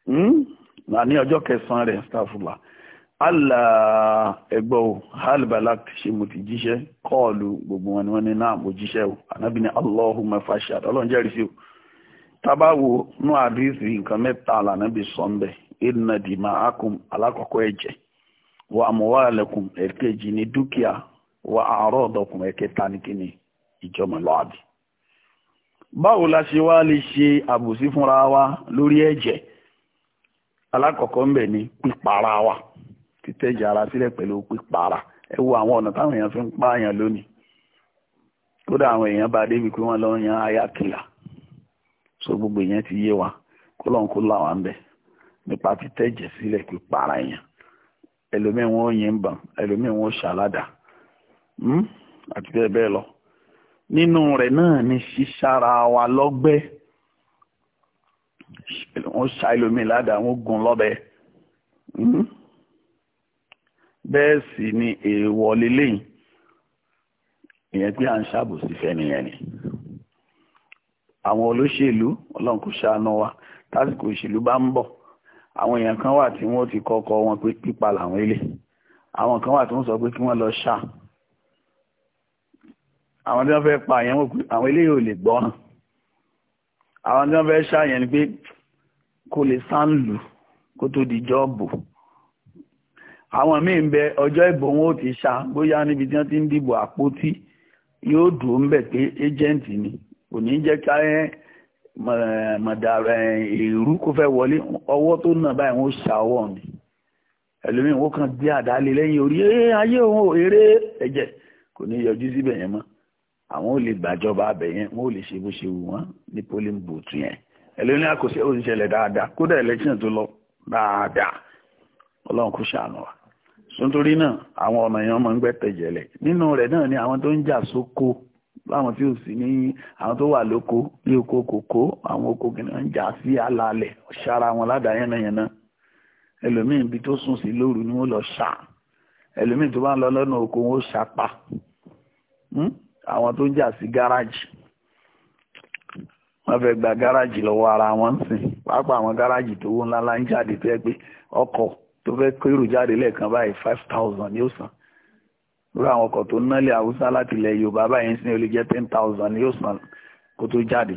hmm? ní ọjọ́ kẹsàn-án rẹ̀ Allah ẹgbọ́ halbalak ṣe mo ti jíṣẹ́ gbogbo wọn ni wọ́n ní náà mo jíṣẹ́ o anábì ní Allahumma fashad ọlọ́run sí o tábàwò nú àdìsí nǹkan mẹ́ta lànàbì sọ́ńbẹ̀ inna wa amwalakum ẹ̀kejì ni dúkìá wa arọ ẹ̀kẹta báwo la ṣe wá lè ṣe àbòsí fúnra wa lórí ń ni wa. títẹ̀jẹ̀ ara sílẹ̀ pẹ̀lú pípara ẹ wo àwọn ọ̀nà táwọn èèyàn fi ń pààyàn lónìí kódà àwọn èèyàn bá débi pé wọ́n lọ yan ayakìlà so gbogbo èèyàn ti yé wa kó lọ́n kó làwọn ń bẹ̀ nípa títẹ̀jẹ̀ sílẹ̀ pípara èèyàn ẹlòmíín wọn ò yìnbọn ẹlòmíín wọn ò ṣàládà hmm? àti bẹ́ẹ̀ bẹ́ẹ̀ lọ nínú rẹ̀ náà ni ṣíṣára wa lọ́gbẹ́ wọ́n ṣá ẹlòmíín ládàá wọ́n gún lọ́bẹ. Hmm? bẹ́ẹ̀ sì ni èèwọ̀ lélẹ́yìn ìyẹn pé à ń ṣàbòsí fẹ́niyẹn ni àwọn olóṣèlú ọlọ́run kò ṣàánú wa tásìkò ìṣèlú bá ń bọ̀ àwọn èèyàn kan wà tí wọ́n ti kọ́kọ́ wọn pé pípa làwọn ilé àwọn kan wà tí wọ́n sọ pé kí wọ́n lọ ṣá àwọn tí wọ́n fẹ́ pa yẹn wọ́n pé àwọn ilé yóò lè gbọ́ràn àwọn tí wọ́n fẹ́ ṣá yẹn ni pé kó lè sáńlù kó tó di jọ́ọ̀bù àwọn míì ń bẹ ọjọ́ ìbò wọn ò ti ṣá bóyá níbi tí wọ́n ti ń dìbò àpótí yóò dùn ń pé agent ni kò ní jẹ́ ká ẹ́ mọ̀dàrà èrú kó fẹ́ wọlé ọwọ́ tó nà báyìí wọ́n ṣá ọwọ́ mi ẹlòmíì wọ́n kàn dé àdálé lẹ́yìn orí ẹ́ ayé òun eré ẹ̀jẹ̀ kò ní yọjú síbẹ̀ yẹn mọ́ àwọn ò lè gbàjọba abẹ yẹn wọn ò lè ṣe bó ṣe wù wọn ní polling booth yẹn ẹlòmíì àkọsí ó dáadáa kódà election tó lọ dáadáa ọlọ́run kò ṣàánú wa nítorí náà àwọn ọ̀nà yẹn máa ń gbẹ́ tẹ̀jẹ̀lẹ̀ nínú rẹ̀ náà ni àwọn tó ń jà sóko láwọn tí ò sí ní àwọn tó wà lóko ní oko kòkó àwọn oko kìnìún ń jà sí alaalẹ̀ ṣara wọn ládàá yánnayànna ẹlòmíì ibi tó sùn sí lóru ni wọ́n lọ ṣá ẹlòmíì tó bá ń lọ lọ́nà oko wọn ó ṣapa hmm? àwọn tó ń jà sí gáràjì wọ́n fẹ́ gba gáràjì lọ́wọ́ ara wọn sìn pàápàá àwọn gáràjì tó wọ́n ńlá ń jáde tó yẹ pé ọkọ̀ tó fẹ́ kérò jáde lẹ́ẹ̀kan báyìí five thousand ni ó san lórí àwọn ọkọ̀ tó nálẹ̀ haúsá láti ilẹ̀ yorùbá báyìí ń sin ó jẹ́ ten thousand ni ó san kó tó jáde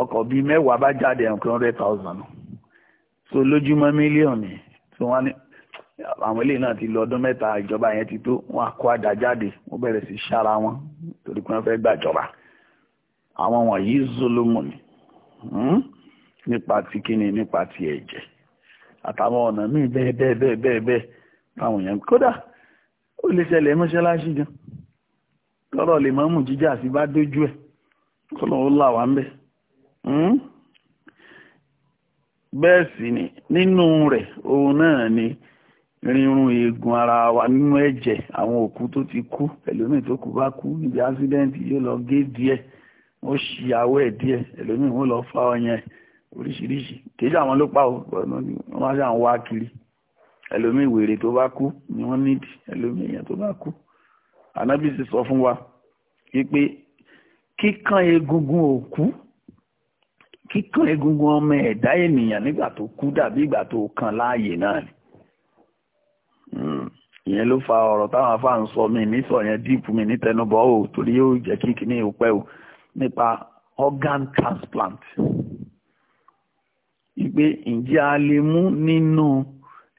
ọkọ̀ bíi mẹ́wàá bá jáde ẹ̀kọ́ hundred thousand so lójúmọ́ mílíọ̀nù tí wọ́n ní àwọn eléyìí náà ti lọ ọdún mẹ́ta ìjọba yẹn ti tó wọn àkó àdá jáde wọ́n bẹ̀rẹ̀ sí sára wọn torí pé wọ́n fẹ́ gbàjọba àwọn wọ̀nyí zolomo ni hmm? nípa ti kíni nípa ti ẹ̀jẹ̀ àtàwọn ọ̀nà míì bẹ́ẹ̀ bẹ́ẹ̀ bẹ́ẹ̀ bẹ́ẹ̀ bẹ́ẹ̀ táwọn èèyàn kódà ó lè ṣẹlẹ̀ mọ́ṣáláṣí gan lọ́rọ̀ lè mọ́mù jíjà sí bá dójú ẹ̀ kọ́lọ́wọ́ là wá ń bẹ̀. Hmm? bẹ́ẹ̀ sì ni nínú rẹ̀ òun náà ni rírun eegun ara wa nínú ẹ̀jẹ̀ àwọn òkú tó ti kú ẹlòmíì tó kú bá kú níbi ásídẹ́ǹtì yóò lọ gé díẹ̀ ó ṣìyàwó ẹ̀ díẹ̀ ẹlòmíì wọ́n lọ fa ọyàn ẹ̀ oríṣiríṣi kéjì àwọn ló pa ò bọ̀nà ni wọ́n máa ṣàn wá kiri ẹlòmíì wèrè tó bá kú ni wọ́n nídìí ẹlòmíì èèyàn tó bá kú ànábì sì sọ fún wa wípé kíkan egungun òkú kíkan egungun ọmọ ẹ̀dá ènìyàn nígbà tó kú dàbí ìgbà tó kan láàyè náà ni hmm, ìyẹn ló fa ọ̀rọ̀ táwọn afá ń sọ mí ní sọ yẹn díìpù mi ní tẹnubọ́ ò torí yóò jẹ́ kí kíní ìpẹ́ ò nípa organ transplant. Mm pé ǹjẹ́ a lè mú nínú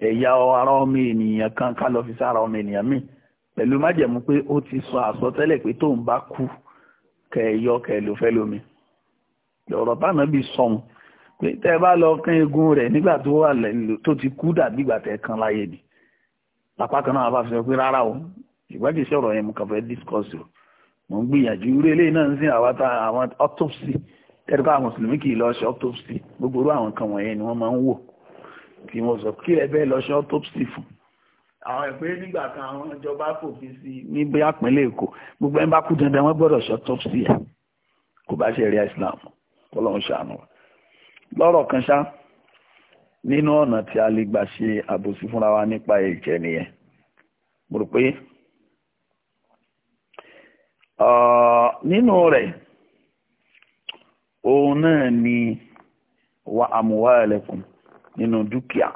ẹ̀yà ara ọmọ ènìyàn kan ká lọ fi sára ọmọ ènìyàn míì pẹ̀lú májẹ̀mú pé ó ti sọ àsọtẹ́lẹ̀ pé tóun bá kú kẹ̀yọ kẹ̀lò fẹ́ lómi lọ́rọ̀ táwọn bí sọ̀hún pé tẹ́ bá lọ kán egun rẹ̀ nígbà tó wà tó ti kú dàbí ìgbà tẹ́ kan láyé ni lápá kan náà bá fi sọ pé rárá o ìgbà kìí ṣọ̀rọ̀ yẹn mo kàn fẹ́ discuss o mo ń gbìyànjú irú eléyìí náà ń sìn àwọn autopsy tẹ́lifá àwọn mùsùlùmí kì í lọ ṣe autopsy gbogbo orú àwọn kan wọ̀nyẹn ni wọ́n máa ń wò tí wọ́n sọ kí ẹ bẹ́ẹ̀ lọ ṣe autopsy fún àwọn ìpè nígbà kan àwọn ìjọba fòfin sí ní bí àpínlẹ̀ èkó gbogbo ẹni bá kú dandan wọ́n gbọ́dọ̀ ṣe autopsy ẹ̀ kó bá ṣe rí islam kọ́lọ́hún ṣàánú wa lọ́rọ̀ kan ṣá nínú ọ̀nà tí a lè gbà ṣe àbòsí fúnra wa nípa ẹ̀jẹ̀ nìyẹn òun náà ni wa amwalakum nínú dúkìá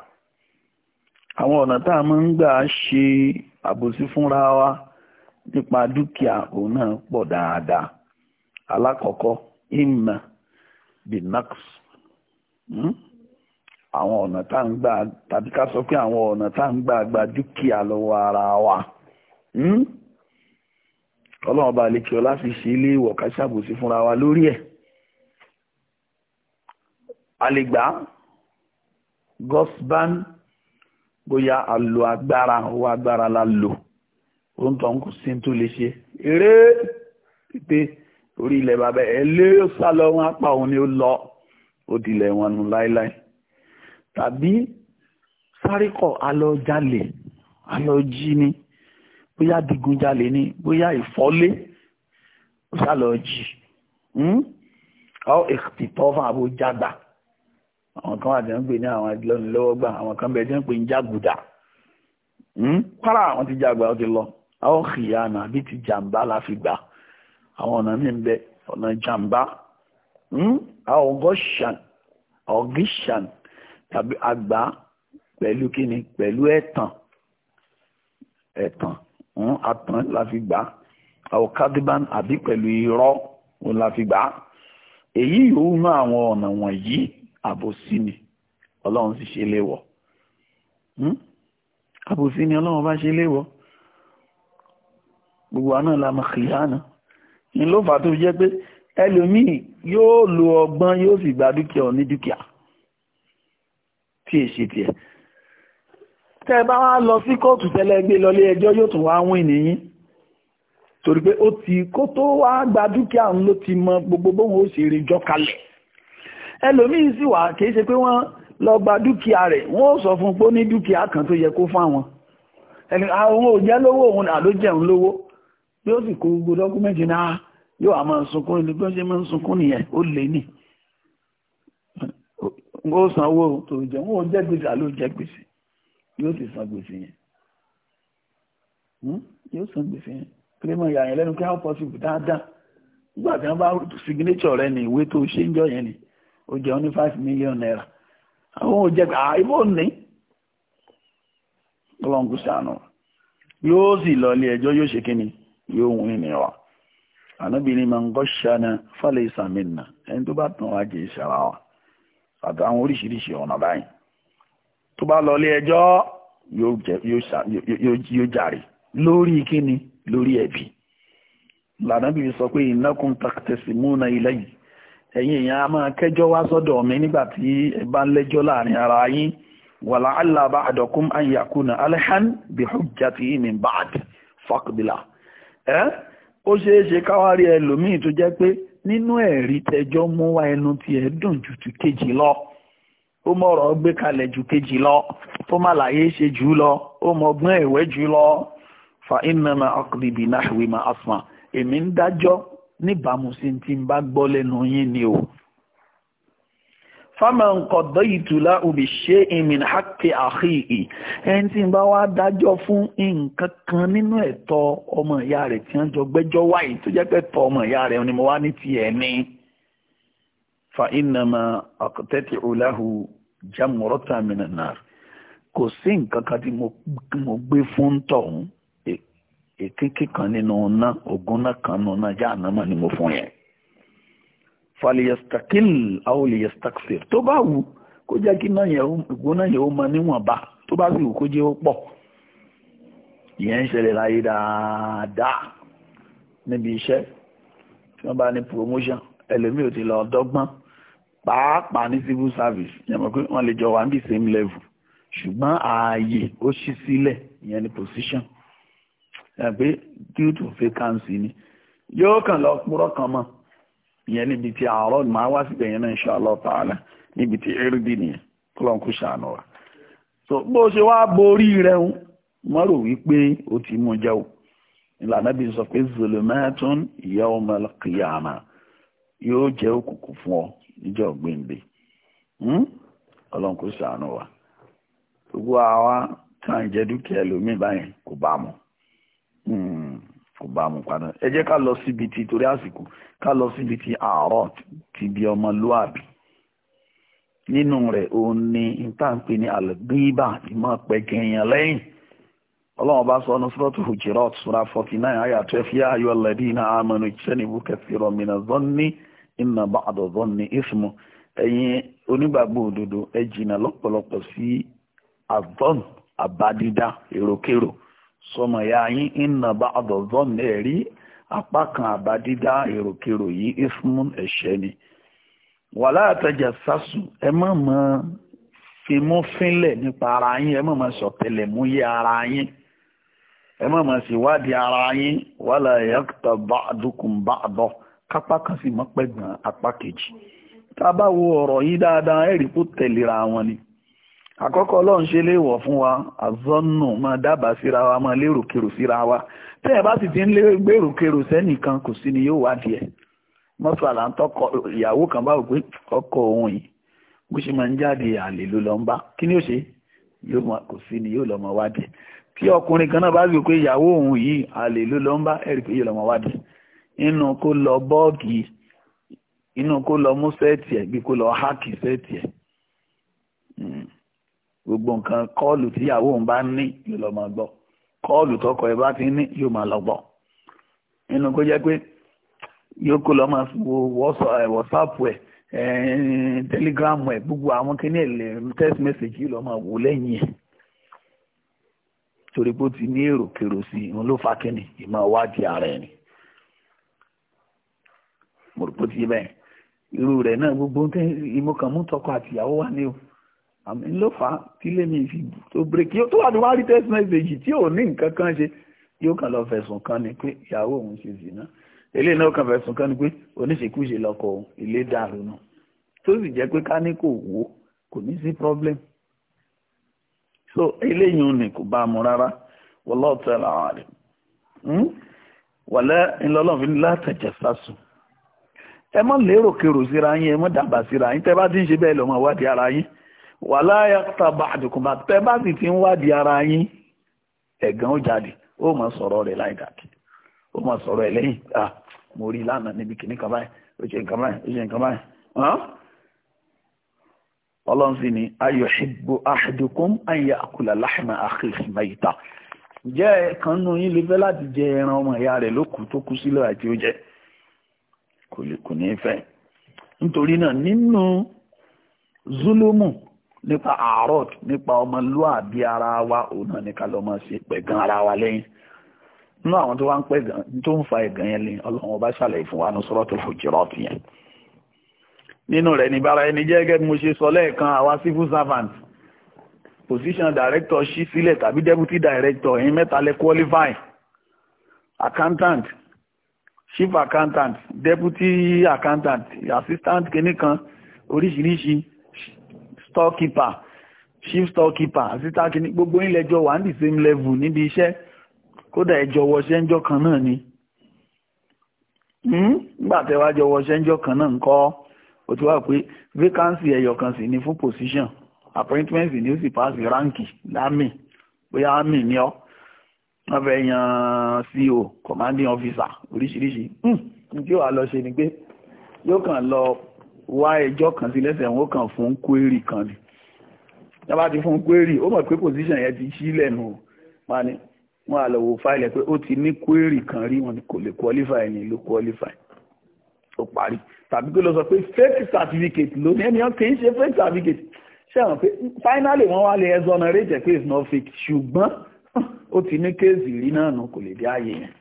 àwọn ọ̀nà tá a máa ń gbà ṣe àbòsí fúnra wa nípa dúkìá òun náà pọ̀ dáadáa alákọ̀ọ́kọ́ imma binaks àwọn ọ̀nà tá ń gbà tàbí ká sọ pé àwọn ọ̀nà tá ń gbà gba dúkìá lọ́wọ́ ara wa hmm? ọlọ́run fi ṣe àlègbà gosban bóyá àlò agbára owó agbára la lò òun tó ń kò sí tó lè ṣe eré pípé orí ilẹ̀ bàbá ẹ̀ lé ó sá lọ wọn apá òun ni ó lọ ó wọn nù láéláé tàbí sáríkọ̀ alọ́jalè alọ́jí ni bóyá digunjalè ni bóyá ìfọ́lé ó sá lọ jì hmm? ọ́ ìtọ́fà àbójàgbà àwọn kan wà tí wọ́n pè ní àwọn lọ́nà lọ́wọ́ gbà àwọn kan bẹ̀rẹ̀ tí wọ́n pè ní jàgùdà para hmm? àwọn ti jàgbà ó ti lọ àwọn kìyànà àbí ti jàǹbá la fi gbà àwọn ọ̀nà míì ń bẹ ọ̀nà jàǹbá hmm? àwọn gọ́ṣàn ọ̀gíṣàn tàbí àgbà pẹ̀lú kíni pẹ̀lú ẹ̀tàn ẹ̀tàn hmm? àtàn la fi gbà àwọn kadiban àbí pẹ̀lú irọ́ òun la gbà èyí yòówù náà àwọn ọ̀nà wọ̀nyí àbòsí ni ọlọ́run sì ṣe léwọ̀ hmm? àbòsí ni ọlọ́run bá ṣe léwọ̀ gbogbo àná la mọ̀ kìyànà ní ló fà tó jẹ́ pé ẹlòmíì yóò lo ọgbọ́n yóò sì gba dúkìá ní dúkìá tí è ṣe tiẹ̀ tẹ́ bá wá lọ sí kóòtù tẹ́lẹ̀ gbé lọlé ẹjọ́ yóò tún wá wín nìyí torí pé ó ti kó tó wá gba dúkìá ń ló ti mọ gbogbo bóun ó ṣe rí jọ kalẹ̀ ẹlòmíì sì wà kìí ṣe pé wọ́n lọ gba dúkìá rẹ̀ wọ́n ó sọ fún pé ó ní dúkìá kan tó yẹ kó fáwọn ẹni àwọn ah, ò jẹ́ lówó òun àló jẹun lówó yóò sì kó gbogbo dọ́kúmẹ́ntì náà yóò àmọ́ sunkún ní bí wọ́n ṣe máa ń sunkún nìyẹn ó lè nì ó sanwó tó jẹ wọ́n jẹ́ gbèsè àló jẹ́ gbèsè yóò sì san gbèsè yẹn hmm? yóò san gbèsè yẹn kílímọ̀ ìyá lẹ́nu kí how possible dáadáa nígbà tí wọ́n bá signature rẹ ní ìwé tó ṣe ń jọ yẹn ni ó jẹun ní five million naira àwọn ò jẹ pé àìbò ah, ní ọlọ́nkú sànù yóò sì lọ ilé ẹjọ́ yóò ṣe kí ni yóò wọ́n ní wa ànábìnrin máa ń gọ́ ṣáná fálẹ̀ ìsàmìnà ẹni tó bá tàn wá jẹ́ ìṣàrà wa àtàwọn oríṣiríṣi ọ̀nà báyìí tó bá lọ ilé ẹjọ́ yóò jàre lórí kí ni lórí ẹ̀bí lànà bìbí sọ pé ìnákùn tàkìtẹ̀sì múna ilẹ̀ yìí ẹ̀yin èèyàn a máa kẹ́jọ́ wá mi nígbà tí ẹ bá ń lẹ́jọ́ láàrin ara yín wàlá aláàbá àdọ̀kún àyàkúnà alhan bihujjati min ba'd faqbila ẹ́ ó ṣeé ṣe káwárí ẹlòmíì tó jẹ́ pé nínú ẹ̀rí tẹjọ́ mú wá ẹnu tí ẹ dùn ju ti kejì lọ ó mọ̀rọ̀ gbé kalẹ̀ ju kejì lọ ó má láyé ṣe jù lọ ó ẹ̀wẹ́ jù lọ fa níbàámu sí ti ń bá gbọ́ lẹ́nu yín ni o fámàn kọ̀dọ̀ ìtùlá òbí ṣe ìmìn hákì àhíì ẹni tí ń bá wá dájọ́ fún nǹkan kan nínú ẹ̀tọ́ ọmọ ìyá rẹ̀ tí wọ́n jọ gbẹ́jọ́ wáyé tó jẹ́ pé tọ́ ọmọ ìyá rẹ̀ ni mo wá ní tiẹ̀ ní. fa ìnàmà àkọ́tẹ́tì ọ̀làhù jámọ̀rọ́tà náà kò sí nǹkan kan tí mo gbé fún tọ̀hún èkékè kan nínú ọ̀nà ògùn náà kan nínú ọ̀nà já ànámà ni mo fún yẹn faliyastakil aoliyastakfir tó bá wù kó jẹ́ kí ìgbóná yẹn ó mọ níwọ̀nba tó bá sì wù kó jẹ́ ó pọ̀ ìyẹn ń ṣẹlẹ̀ láyé dáadáa níbi iṣẹ́ tí wọ́n bá ní promotion ẹlòmíì ò ti lọ dọ́gbọ́n pàápàá ní civil service yẹn mọ̀ pé wọ́n lè jọ wà níbi same level ṣùgbọ́n ààyè ó ṣí sílẹ̀ ìyẹn ni position pé due to vacancy ni yóò kàn lọ púrọ́ kan mọ́ ìyẹn níbi tí àárọ̀ máa wá síbẹ̀ yẹn náà inshallah ta'ala níbi tí eridi nìyẹn kọ́lọ́n kò ṣàánú wa. so bó ṣe wá borí rẹ̀ ń mọ́rò wípé ó ti mú jẹ́ o ìlànà bí sọ pé zulumatun yawm al-qiyamah yóò jẹ́ òkùnkùn fún ọ níjọ́ gbèǹde hmm? ọlọ́run ṣàánú wa gbogbo àwa à ń jẹ dúkìá báyìí kò bá mu Hmm, kò bá mu padà ẹ jẹ́ ká lọ síbi ti torí àsìkò ká lọ síbi ti àárọ̀ ti di ọmọlúàbí nínú rẹ̀ òun ni ìtàǹpé ní àlùgbíbà tí máa pẹ́ kẹyàn lẹ́yìn ọlọ́run bá sọ ọ́nà sọ́tù hujirat sura forty nine ayà twelve yá ayọ́ alladina amanu ìṣẹ́nibú kathiran mina zanni inna ba'da zanni ismu ẹ̀yin onígbàgbọ́ òdodo ẹ lọ́pọ̀lọpọ̀ sí àzọ́n àbádídá sọmọ anyị yín inna ba'da dhanni ẹ̀rí apá kan àbádídá èròkèrò yìí ẹ̀ṣẹ̀ ni wala àtajàsásù ẹ má mọ fimú fínlẹ̀ nípa ara yín ẹ má mọ ara yín ẹ má mọ ara yín wala yaktab ba'dukum ba'da kápá kan sì mọ́ kejì ọ̀rọ̀ yìí dáadáa ni. àkọ́kọ́ ọlọ́run ṣe léèwọ̀ fún wa àzọ́nù máa dábàá síra wa máa léròkèrò síra wa tẹ́ ẹ bá sì ti ń gbèròkèrò sẹ́nìkan kò sí ni yóò wá díẹ̀ mọ́sàlá ń ìyàwó kan báwo pé ọkọ òun yìí bó ṣe máa ń jáde àlè ló lọ ń bá kí ni ó ṣe yóò mọ kò sí ni yóò lọ mọ wá díẹ̀ tí ọkùnrin kan náà bá rí i pé ìyàwó òun yìí àlè ló lọ ń bá ẹ̀rí pé yóò lọ mọ wá díẹ̀ inú kó lọ bọ́ọ̀gì inú kó lọ mú sẹ́ẹ̀tì ẹ̀ bí kó lọ háàkì sẹ́ẹ̀tì ẹ̀ hmm. gbogbo nǹkan kọ́ọ̀lù tíyàwó òun bá ní yóò lọ máa gbọ́ kọ́ọ̀lù tọkọ ẹ bá ti ní yóò máa lọ gbọ́ nínú kó jẹ́ pé yóò kó lọ máa wo wọ́sáàpù ẹ̀ tẹlígíráàmù ẹ̀ gbogbo àwọn kíní ẹ̀ lè text message yìí lọ máa wò lẹ́yìn ẹ̀ torí pé ó ti ní èrò kèrò sí i òun ló fa kíni ìmọ̀ wádìí ara ẹ̀ ni mo rò pé ó ti bẹ́ẹ̀ irú rẹ̀ náà gbogbo ìmọ̀kànmú tọkọ àtìyàwó wà ní o àmì ló fà á tí lèmi fi tó bírèkì yóò tó wà ní wá rí text message tí ò ní nǹkan kan ṣe yóò kàn lọ fẹ̀sùn kan ni pé ìyàwó òun ṣe zìnà eléyìí náà kàn fẹ̀sùn kan ni pé oníṣekúṣe lọkọ òun ilé dàrú náà tó sì jẹ́ pé ká ní kò wó kò ní sí problem so eléyìí ò ní kò bá mu rárá wallahu ta'ala alim hmm? wàlẹ́ ńlọ́lọ́fin látẹ̀jẹ̀ sásùn ẹ má lérò kérò síra yín ẹ má dábàá síra yín tẹ́ bá ti ń ṣe bẹ́ẹ̀ lọ́mọ ìwádìí ara yín wàlá yàtà bàdùkùn bá tẹ́ bá sì ti ń wádìí ara yín ẹ̀gàn ó jáde ó mọ̀ sọ̀rọ̀ rẹ̀ láì dàkí ó mọ̀ sọ̀rọ̀ ẹ̀ lẹ́yìn à mo rí lánàá níbi kìíní kan báyìí ó ṣe nǹkan báyìí ó ṣe nǹkan báyìí ọlọ́run sì ni ayọ̀ṣìbò ahadukum àkùlà láhìmá nípa àárọ̀ nípa ọmọlúàbí ara wa òun náà lọ máa ṣe pẹ̀gàn ara wa lẹ́yìn nínú àwọn tó wá ń pẹ̀gàn tó ń fa ẹ̀gàn yẹn lé ọlọ́run ọba ṣàlàyé fún wa ní Suratul Hujurat yẹn nínú rẹ̀ ní bára ẹni jẹ́ gẹ́gẹ́ mo ṣe sọ lẹ́ẹ̀kan àwa civil servant position director ṣí sílẹ̀ tàbí deputy director ẹ̀yin mẹ́ta lẹ qualify accountant chief accountant deputy accountant assistant kìíní oríṣiríṣi storekeeper chief storekeeper síta kìíní gbogbo yín lẹ jọ wà ní the same level níbi iṣẹ́ kódà ẹ jọ wọṣẹ́ kan náà ni hmm? nígbà tẹ́ wá jọ wọṣẹ́ ńjọ́ kan náà ńkọ́ ó ti wá pé vacancy ẹyọ kan sì ni fún position appointment ni ó sì pass rank lámì bóyá àmì ni ọ́ wọ́n fẹ́ yan CO e commanding officer oríṣiríṣi hmm? tí ó wà lọ ṣe ni pé yóò kàn lọ wá ẹjọ́ kan sí lẹ́sẹ̀ wọn kàn fún kwérì kan ni tábà ti fún kwérì ó mọ̀ pé position yẹn ti sílẹ̀ nù wá ní wọn àlọ́ wo fáìlẹ̀ pé ó ti ní kwérì kan rí wọn kò lè qualify ni ló qualify ó parí tàbí pé ló sọ pé fake certificate ló ní ẹnìyàn kì í ṣe fake certificate ṣẹ́wọ̀n pé finally wọ́n wá lè exonerate pé it's not fake ṣùgbọ́n ó ti ní kéèsì rí náà nù kò lè dé ààyè yẹn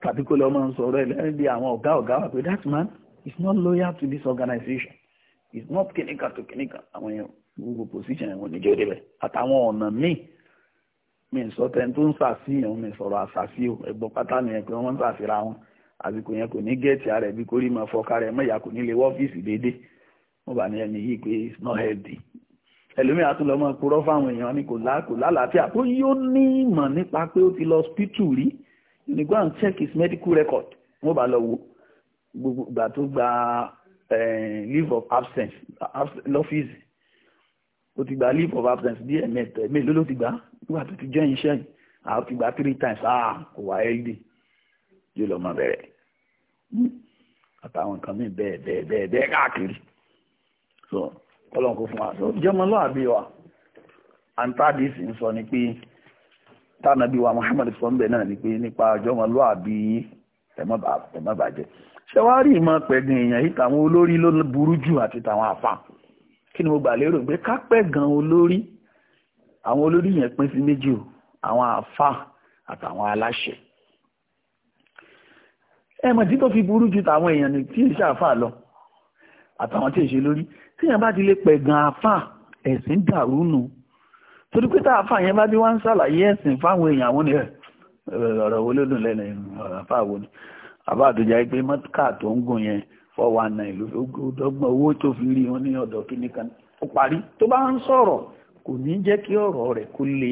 tàbí kó lọ́ máa ń sọ̀rọ̀ ẹ̀ lẹ́yìn bí àwọn ọ̀gá ọ̀gá wà pé that man it's not loyal to this organization it's not kìnìkan to kìnìkan àwọn èèyàn gbogbo position ẹ̀wọ̀n níjẹ́ òde bẹ̀ àtàwọn ọ̀nà míì mi sọ tẹni tó ń ṣàfihàn mi sọ̀rọ̀ àṣàfi o ẹ̀gbọ́n pátá nìyẹn pé wọ́n ń ṣàfihàn àwọn àsìkò yẹn kò ní gẹ̀ẹ́tì ara ẹ̀ bí kórìí máa fọ́ka rẹ̀ mọ́ kò ní lè wọ́fíìsì déédéé wọ́n bá ní ẹni yìí pé it's not healthy ẹlòmíì àtúntò ọmọ kúrọ́ fáwọn èèyàn ni kò láàkò lálàáfíà tó yóò ní ìmọ̀ nípa pé ó ti lọ hospital rí you go and check his medical record wọ́n bá lọ wò gbogbo ìgbà tó gba eh, leave of absence lọ́fíìsì ó ti gba leave of absence bí ẹ̀mẹ́ta mélòó ló ti gbà nígbà tó ti jẹ́ iṣẹ́ yìí àwọn ti gba three times ah kò wá healthy yóò lọ mọ bẹ̀rẹ̀ àtàwọn nǹkan míì bẹ́ẹ̀ bẹ́ẹ̀ bẹ́ẹ̀ bẹ́ẹ̀ káàkiri so ọlọ́run kò fún wa so jọmọlúwàbí wa antadisi ń sọ ni pé tánàbí wa Muhammad sọ ń bẹ̀ náà ni pé nípa jọmọlúwàbí ẹ̀mọ́bàjẹ́ ṣẹwárí ìmọ̀ pẹ̀gàn èèyàn yìí tàwọn olórí ló burú jù àti tàwọn àfà kí ni mo gbà lérò pé ká pẹ̀gàn olórí àwọn olórí yẹn pín sí méjì o àwọn àfà àtàwọn aláṣẹ ẹ mọ̀ tí tó fi burú jù tàwọn èèyàn ní tí ìṣe àfà lọ àtàwọn tí ìṣe lórí tí èèyàn bá ti lè pẹ̀gàn àfà ẹ̀sìn dàrú nù torí pé tá àfà yẹn bá bí wá ń ṣàlàyé ẹ̀sìn fáwọn èèyàn àwọn ọ̀rọ̀ wo ló dùn lẹ́nu ọ̀rọ̀ àfà wo ni àbá àtòjà pé mọ́tíkà tó ń gùn yẹn four one nine ló fi dọ́gbọ́n owó tó fi rí wọn ní ọ̀dọ̀ kíní kan ó parí tó bá ń sọ̀rọ̀ kò ní jẹ́ kí ọ̀rọ̀ rẹ̀ kó lè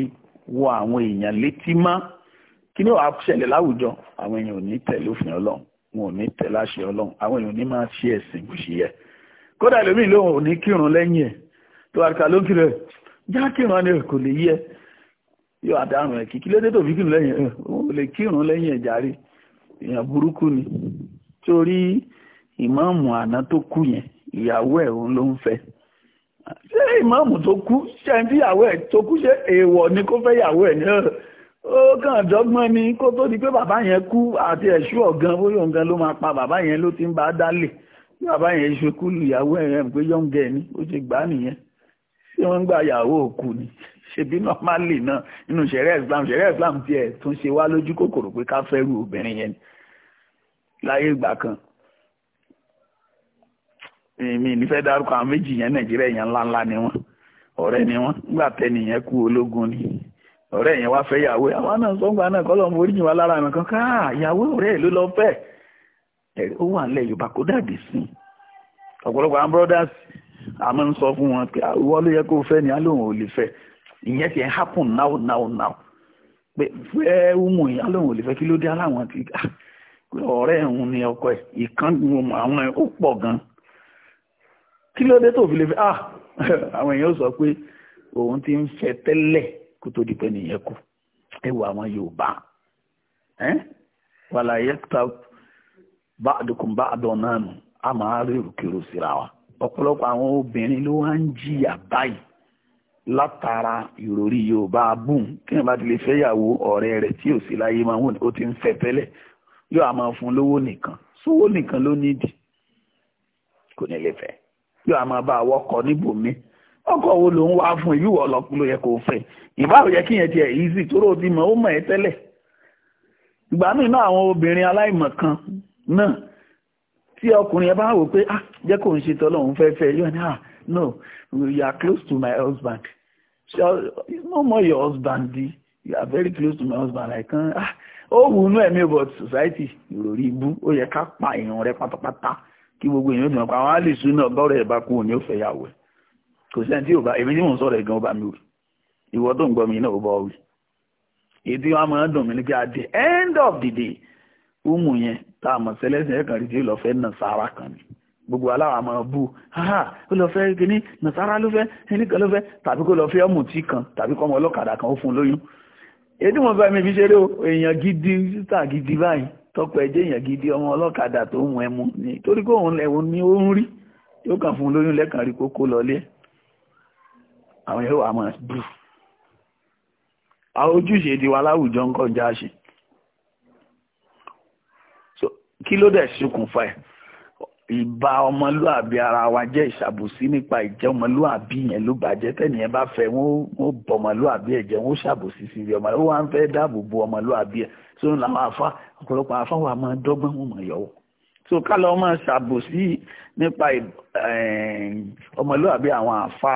wọ àwọn èèyàn létí mọ́ kí ni wàá ṣẹlẹ̀ láwùjọ àwọn èèyàn ò ní tẹ̀lé òfin ọlọ́run wọn ò ní tẹ̀lé àṣẹ ọlọ́run àwọn èèyàn ò ní máa ṣe ẹ̀sìn bó ṣe yẹ kódà lómìn lóhùn ò ní kírun lẹ́yìn ẹ̀ tó wà ká ló kírun ẹ̀ já kírun ni kò lè yẹ yóò àdárùn ẹ̀ kí kí ló tó fi kírun lẹ́yìn ẹ̀ ò lè kírun lẹ́yìn ẹ̀ járe èèyàn burúkú ni torí ìmáàmù àná tó kú yẹn ìyàwó ẹ̀ òun ló ń fẹ́ ṣé ìmáàmù tó kú ṣe ń tí ìyàwó ẹ̀ tó kú ṣe èèwọ̀ ni kó fẹ́ ìyàwó ẹ̀ ní ó kàn dọ́gbọ́n ni kó tó di pé bàbá yẹn kú àti ẹ̀ṣú ọ̀gan bóyá òun gan ló máa pa bàbá yẹn ló ti ń bá a dálé bí bàbá yẹn ṣe kú ìyàwó ẹ̀ pé yọ̀ǹgẹ̀ ni ó ṣe gbà nìyẹn ṣé wọ́n ń gba ìyàwó òkú ni ṣebí normally náà nínú ṣẹ̀rẹ́ Islam ṣẹ̀rẹ́ Islam tiẹ̀ tún ṣe wá lójú kòkòrò pé ká fẹ́rù obìnrin yẹn láyé ìgbà kan èmi nífẹ̀ẹ́ dárúkọ àwọn méjì yẹn Nàìjíríà yẹn ńláńlá ni wọ́n ọ̀rẹ́ ni wọ́n nígbà tẹ́ni yẹn kú ológun ni ọ̀rẹ́ yẹn wá fẹ́ yàwó àwọn náà sọ́ngbà náà kọ́ lọ́mọ orí yìnbọn lára mi kan yàwó ọ̀rẹ́ ló lọ fẹ́ ẹ̀ ó wà nílẹ̀ Yorùbá kó dàbí sí ọ̀pọ̀lọpọ̀ àwọn brothers àmọ́ ń sọ fún wọn pé àwọn ló yẹ kó fẹ́ ni alóhùn ò lè fẹ́ ìyẹn ti happen now now now pé fẹ́ umu ìyá lòun ò lè fẹ́ kí ló dé aláwọn ti ọ̀rẹ́ òun ni ọkọ ẹ̀ ìkan àwọn ẹ̀ ó pọ̀ gan kí ló dé tó fi lè fẹ́ ah *laughs* àwọn èèyàn sọ pé òun ti ń fẹ́ tẹ́lẹ̀ kó tó di pé nìyẹn kù ẹ wo àwọn Yorùbá wàlà yẹta bá àdùkùn bá àdàn náà nù a máa rí òkèrò síra wa ọ̀pọ̀lọpọ̀ àwọn obìnrin ló wá ń jìyà báyìí látara ìròrí yorùbá abùn kí wọn bá ti lè fẹ́yàwó ọ̀rẹ́ rẹ̀ tí ò sí láyé máa wò ní ó ti ń fẹ́ tẹ́lẹ̀ yóò á máa fún lówó nìkan sówó nìkan ló nídìí kò ní lè fẹ́ yóò á máa bá àwọkọ níbòmí ọkọ wo ló ń wá fún ìlúwọ ọlọpùn yẹ kó fẹ́ ìbáwò yẹ kí yẹn tiẹ̀ easy tóró ti mọ ó mọ ẹ tẹ́lẹ̀ ìgbà míì náà àwọn obìnrin aláìmọ̀ kan náà tí ọkùnrin ẹ bá wò pé ah jẹ́ kó ń ṣe tọ́lọ́hún fẹ́fẹ́ yóò ní ah no you are close to my husband he's no more your husband di you are very close to my husband I can ah ó wù inú ẹ̀mí but society ìròrí ibú ó yẹ ká pa èèyàn rẹ pátápátá kí gbogbo èèyàn dùn pa àwọn àlèṣù náà bọ́ọ̀rẹ̀ ẹ̀bá kú òní ó fẹ́ yàwó ẹ̀ kò sẹ́ni tí ò bá èmi tí mò ń sọ̀rọ̀ ẹ̀gan ọba mi ò rí ìwọ tó ń gbọ́ mi náà ó bọ́ ọ rí èdè wọn máa ń dùn mí ní pé at the end of the day ó mú yẹn tá a mọ̀ sẹ́lẹ̀sìn ẹ̀kan rí tí ó lọ fẹ́ nà kan ni gbogbo aláwọ̀ àmọ́ bú ha ó lọ fẹ́ kíní nàṣàrà ló fẹ́ ẹnìkan ló fẹ́ tàbí kó lọ fẹ́ ọmọ tí kan tàbí kọ́ ọmọ ọlọ́kadà kan ó fún lóyún èdè wọn fẹ́ mi fi ṣeré o èèyàn gidi sísà gidi báyìí tọpọ ẹjẹ èèyàn gidi ọmọ ọlọ́kadà tó ń ẹmu ni torí kó òun lẹ́wọ̀n ni ó ń rí yóò kàn fún lóyún lẹ́kàn rí kókó lọlé àwọn yóò wà máa bú àwọn ojúṣe ti wa láwùjọ ń ṣe kí ló dẹ̀ ṣokùnfà ẹ̀ ìbá ọmọlúàbí ara wa jẹ́ ìṣàbòsí nípa ìjẹ́ ọmọlúàbí yẹn ló bàjẹ́ tẹ́nìyẹn bá fẹ́ wọ́n bọ̀ ọmọlúàbí ẹ̀ jẹ́ wọ́n ṣàbòsí sí ibi ọmọ ó wá ń fẹ́ dáàbò bo ọmọlúàbí ẹ̀ so làwọn afá ọ̀pọ̀lọpọ̀ afá wa máa dọ́gbọ́n wọn mọ̀ yọ̀wọ̀ so ká lọ́ọ́ máa ṣàbòsí nípa ọmọlúàbí àwọn afá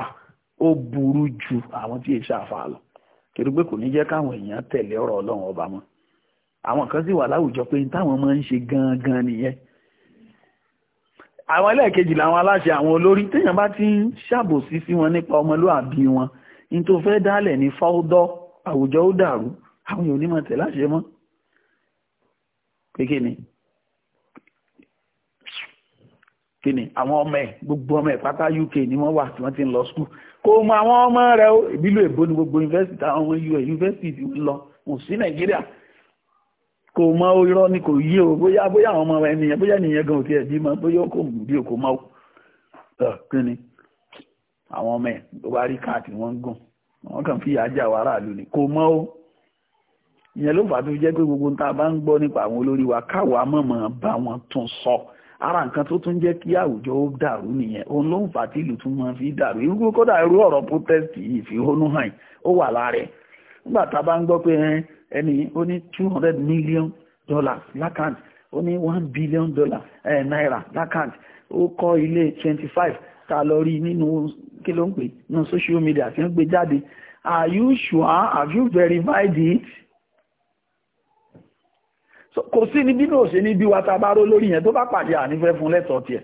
ó burú ju àwọn tí èṣà afá lọ torí pé kò ní jẹ́ káwọn èèyàn tẹ̀lé ọ̀rọ̀ ọlọ́run ọba mọ́ àwọn kan sì wà láwùjọ pé táwọn máa ń ṣe gangan nìyẹn àwọn ẹlẹ́ẹ̀kejì làwọn aláṣẹ àwọn olórí téèyàn bá ti ń ṣàbòsí sí wọn nípa ọmọlúàbí wọn ní tó fẹ́ dálẹ̀ ní fáwọ́dọ́ àwùjọ ó dàrú àwọn èèyàn onímọ̀ tẹ̀ láṣẹ mọ́ kéèké ni kí ni àwọn ọmọ ẹ̀ gbogbo ọmọ ẹ̀ pátá UK ni wọ́n wà tí wọ́n ti ń lọ skul kó mọ àwọn ọmọ rẹ̀ ìbílò èbó gbogbo yunifásitì àwọn ọmọ us yunifásitì lọ kò sí Nàìjíríà kò mọ irọ́ ni kò yé o bóyá bóyá àwọn ọmọ ẹnìyàn bóyá ènìyàn gan òkè ẹ̀bí mọ bóyá kò mú bí o kò mọ ọ kí ni àwọn ọmọ ẹ̀ ló wá rí káàtì wọn gùn wọn kàn fi àjà wà ráàlú ni kò mọ o ìyẹn ló fà á tó jẹ́ pé gbogbo nta bá ń gbọ́ nípa àwọn olórí wa káwa mọ̀mọ́ bá wọn tún sọ ara nǹkan tó tún jẹ́ kí àwùjọ ó dàrú nìyẹn òun ló ń fà tí ìlú tún máa fi dàrú irú kódà irú ọ̀rọ̀ protest yìí fi hàn ó wà lára ẹ̀ nígbà tá a bá ń gbọ́ pé ẹni ó ní two hundred million dollars lákàntì ó ní one billion dollar eh, naira lákàntì ó kọ́ ilé twenty five ta lọ rí nínú kí ló ń pè nínú social media tí ń gbé jáde are you sure have you verified it? kò sí ni bínú òṣè ní bí wa ta bá ró lórí yẹn tó bá pàdé ànífẹ́ fún lẹ́tọ̀ọ́ tiẹ̀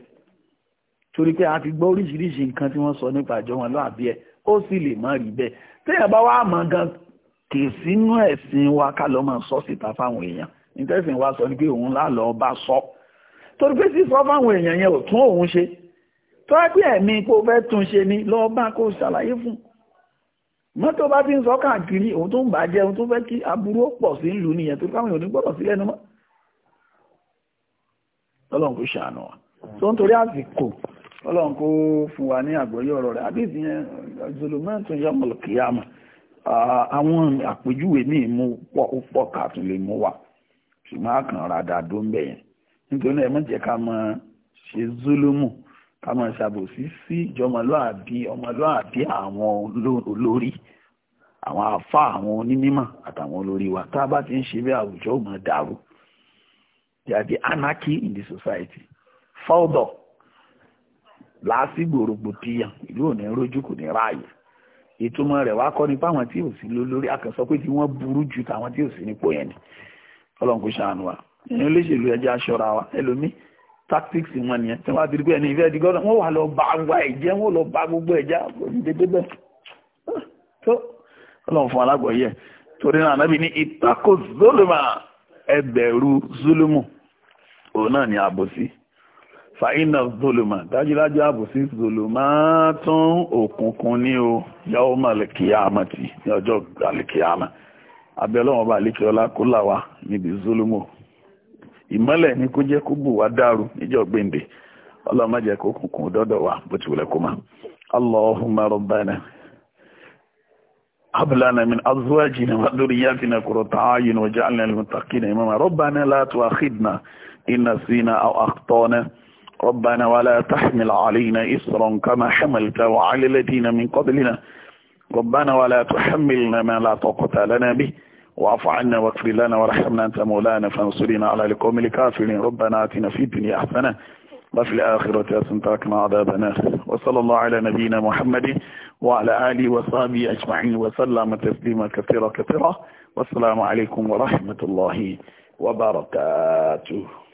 torí pé a ti gbọ́ oríṣiríṣi nǹkan tí wọ́n sọ nípa ìjọ wọn lọ́àbí ẹ̀ ó sì lè má rí bẹ́ẹ̀ téèyàn bá wá mọ̀ gan-an kì í sínú ẹ̀sìn wa ká lọ máa sọ síta fáwọn èèyàn nítẹ̀sìn wa sọ ni pé òun lálọ́ bá sọ torí pé sísọ fáwọn èèyàn yẹn ò tún òun ṣe tó ẹgbẹ́ ẹ̀mí kó fẹ́ tún ṣe ni lọ́ọ́ bá kó ṣàlàyé fún mọ́tò bá ti ń sọ káàkiri òun tó ń bàjẹ́ òun tó fẹ́ kí aburú pọ̀ sí ìlú nìyẹn torí káwọn èèyàn ò ní gbọ́dọ̀ sí lẹ́nu ọlọ́run kò ṣàánú wa tó ń torí àsìkò ọlọ́run kò fún wa ní àgbọ́yé ọ̀rọ̀ rẹ̀ àbí ìdíyẹn zulumẹ́ntún yọmọlùkìyàmọ̀ àwọn àpèjúwe míì mú pọ̀ pọ̀ káàtún lè mú wà ṣùgbọ́n àkànrà dàdó ń bẹ̀ yẹn nítorí ẹ̀ mọ̀ jẹ́ ká mọ̀ ṣe zólómù ká mọ̀ ṣàbòsí sí ìjọmọlúàbí ọmọlúàbí àwọn olórí àwọn afá àwọn onímọ̀ àtàwọn olórí wa tá a bá ti ń ṣe bí àwùjọ ò dàrú there anarchy in the society fọ́ọ̀dọ̀ làásìgbò rògbòdìyàn ìlú ò ní kò ní ráàyè ìtumọ̀ rẹ̀ wá kọ́ ni fáwọn tí ò sí lórí àkànṣọ pé tí wọ́n burú ju tàwọn tí ò sí nípò yẹn ni ọlọ́run ṣàánú wa ẹni olóṣèlú ẹja aṣọra wa ẹlòmí tactics wọn nìyẹn tí wọ́n á ti rí pé ẹni ìfẹ́ di gọ́dọ̀ wọ́n wà lọ bá wa ẹ̀jẹ̀ wọ́n lọ bá gbogbo ẹ̀já dédé bẹ́ẹ̀ tó ọlọ́run fún alágbọ̀yẹ torí náà nábì ní ìtakò zuluma ẹgbẹ̀rú zulumu òun náà ni àbòsí fàínà zolomà dájúdájú àbòsí zolomà tún òkùnkùn ní o yàwó màlìkìyàmà ti ní ọjọ́ àlìkìyàmà abẹ́lọ́wọ́n bá àlìkìyọ́lá kó là wá níbi zolomo ìmọ́lẹ̀ ni kó jẹ́ kó bù wá dàrú níjọ́ gbèǹde ọlọ́run kó kùnkùn dọ́dọ̀ wá bó ti wùlẹ̀ kó má allahumma rabbana هب لنا من أزواجنا وذرياتنا قرة أعين واجعلنا للمتقين إماما ربنا لا تؤاخذنا إن نسينا أو أخطأنا ربنا ولا تحمل علينا إسرا كما حملت وعلى الذين من قبلنا ربنا ولا تحملنا ما لا طاقة لنا به واعف عنا واغفر لنا وارحمنا أنت مولانا فانصرنا على القوم الكافرين ربنا آتنا في الدنيا حسنة وفي الآخرة أسنتركنا عذاب النار وصلى الله على نبينا محمد وعلى آله وصحبه أجمعين وسلم تسليما كثيرا كثيرا والسلام عليكم ورحمة الله وبركاته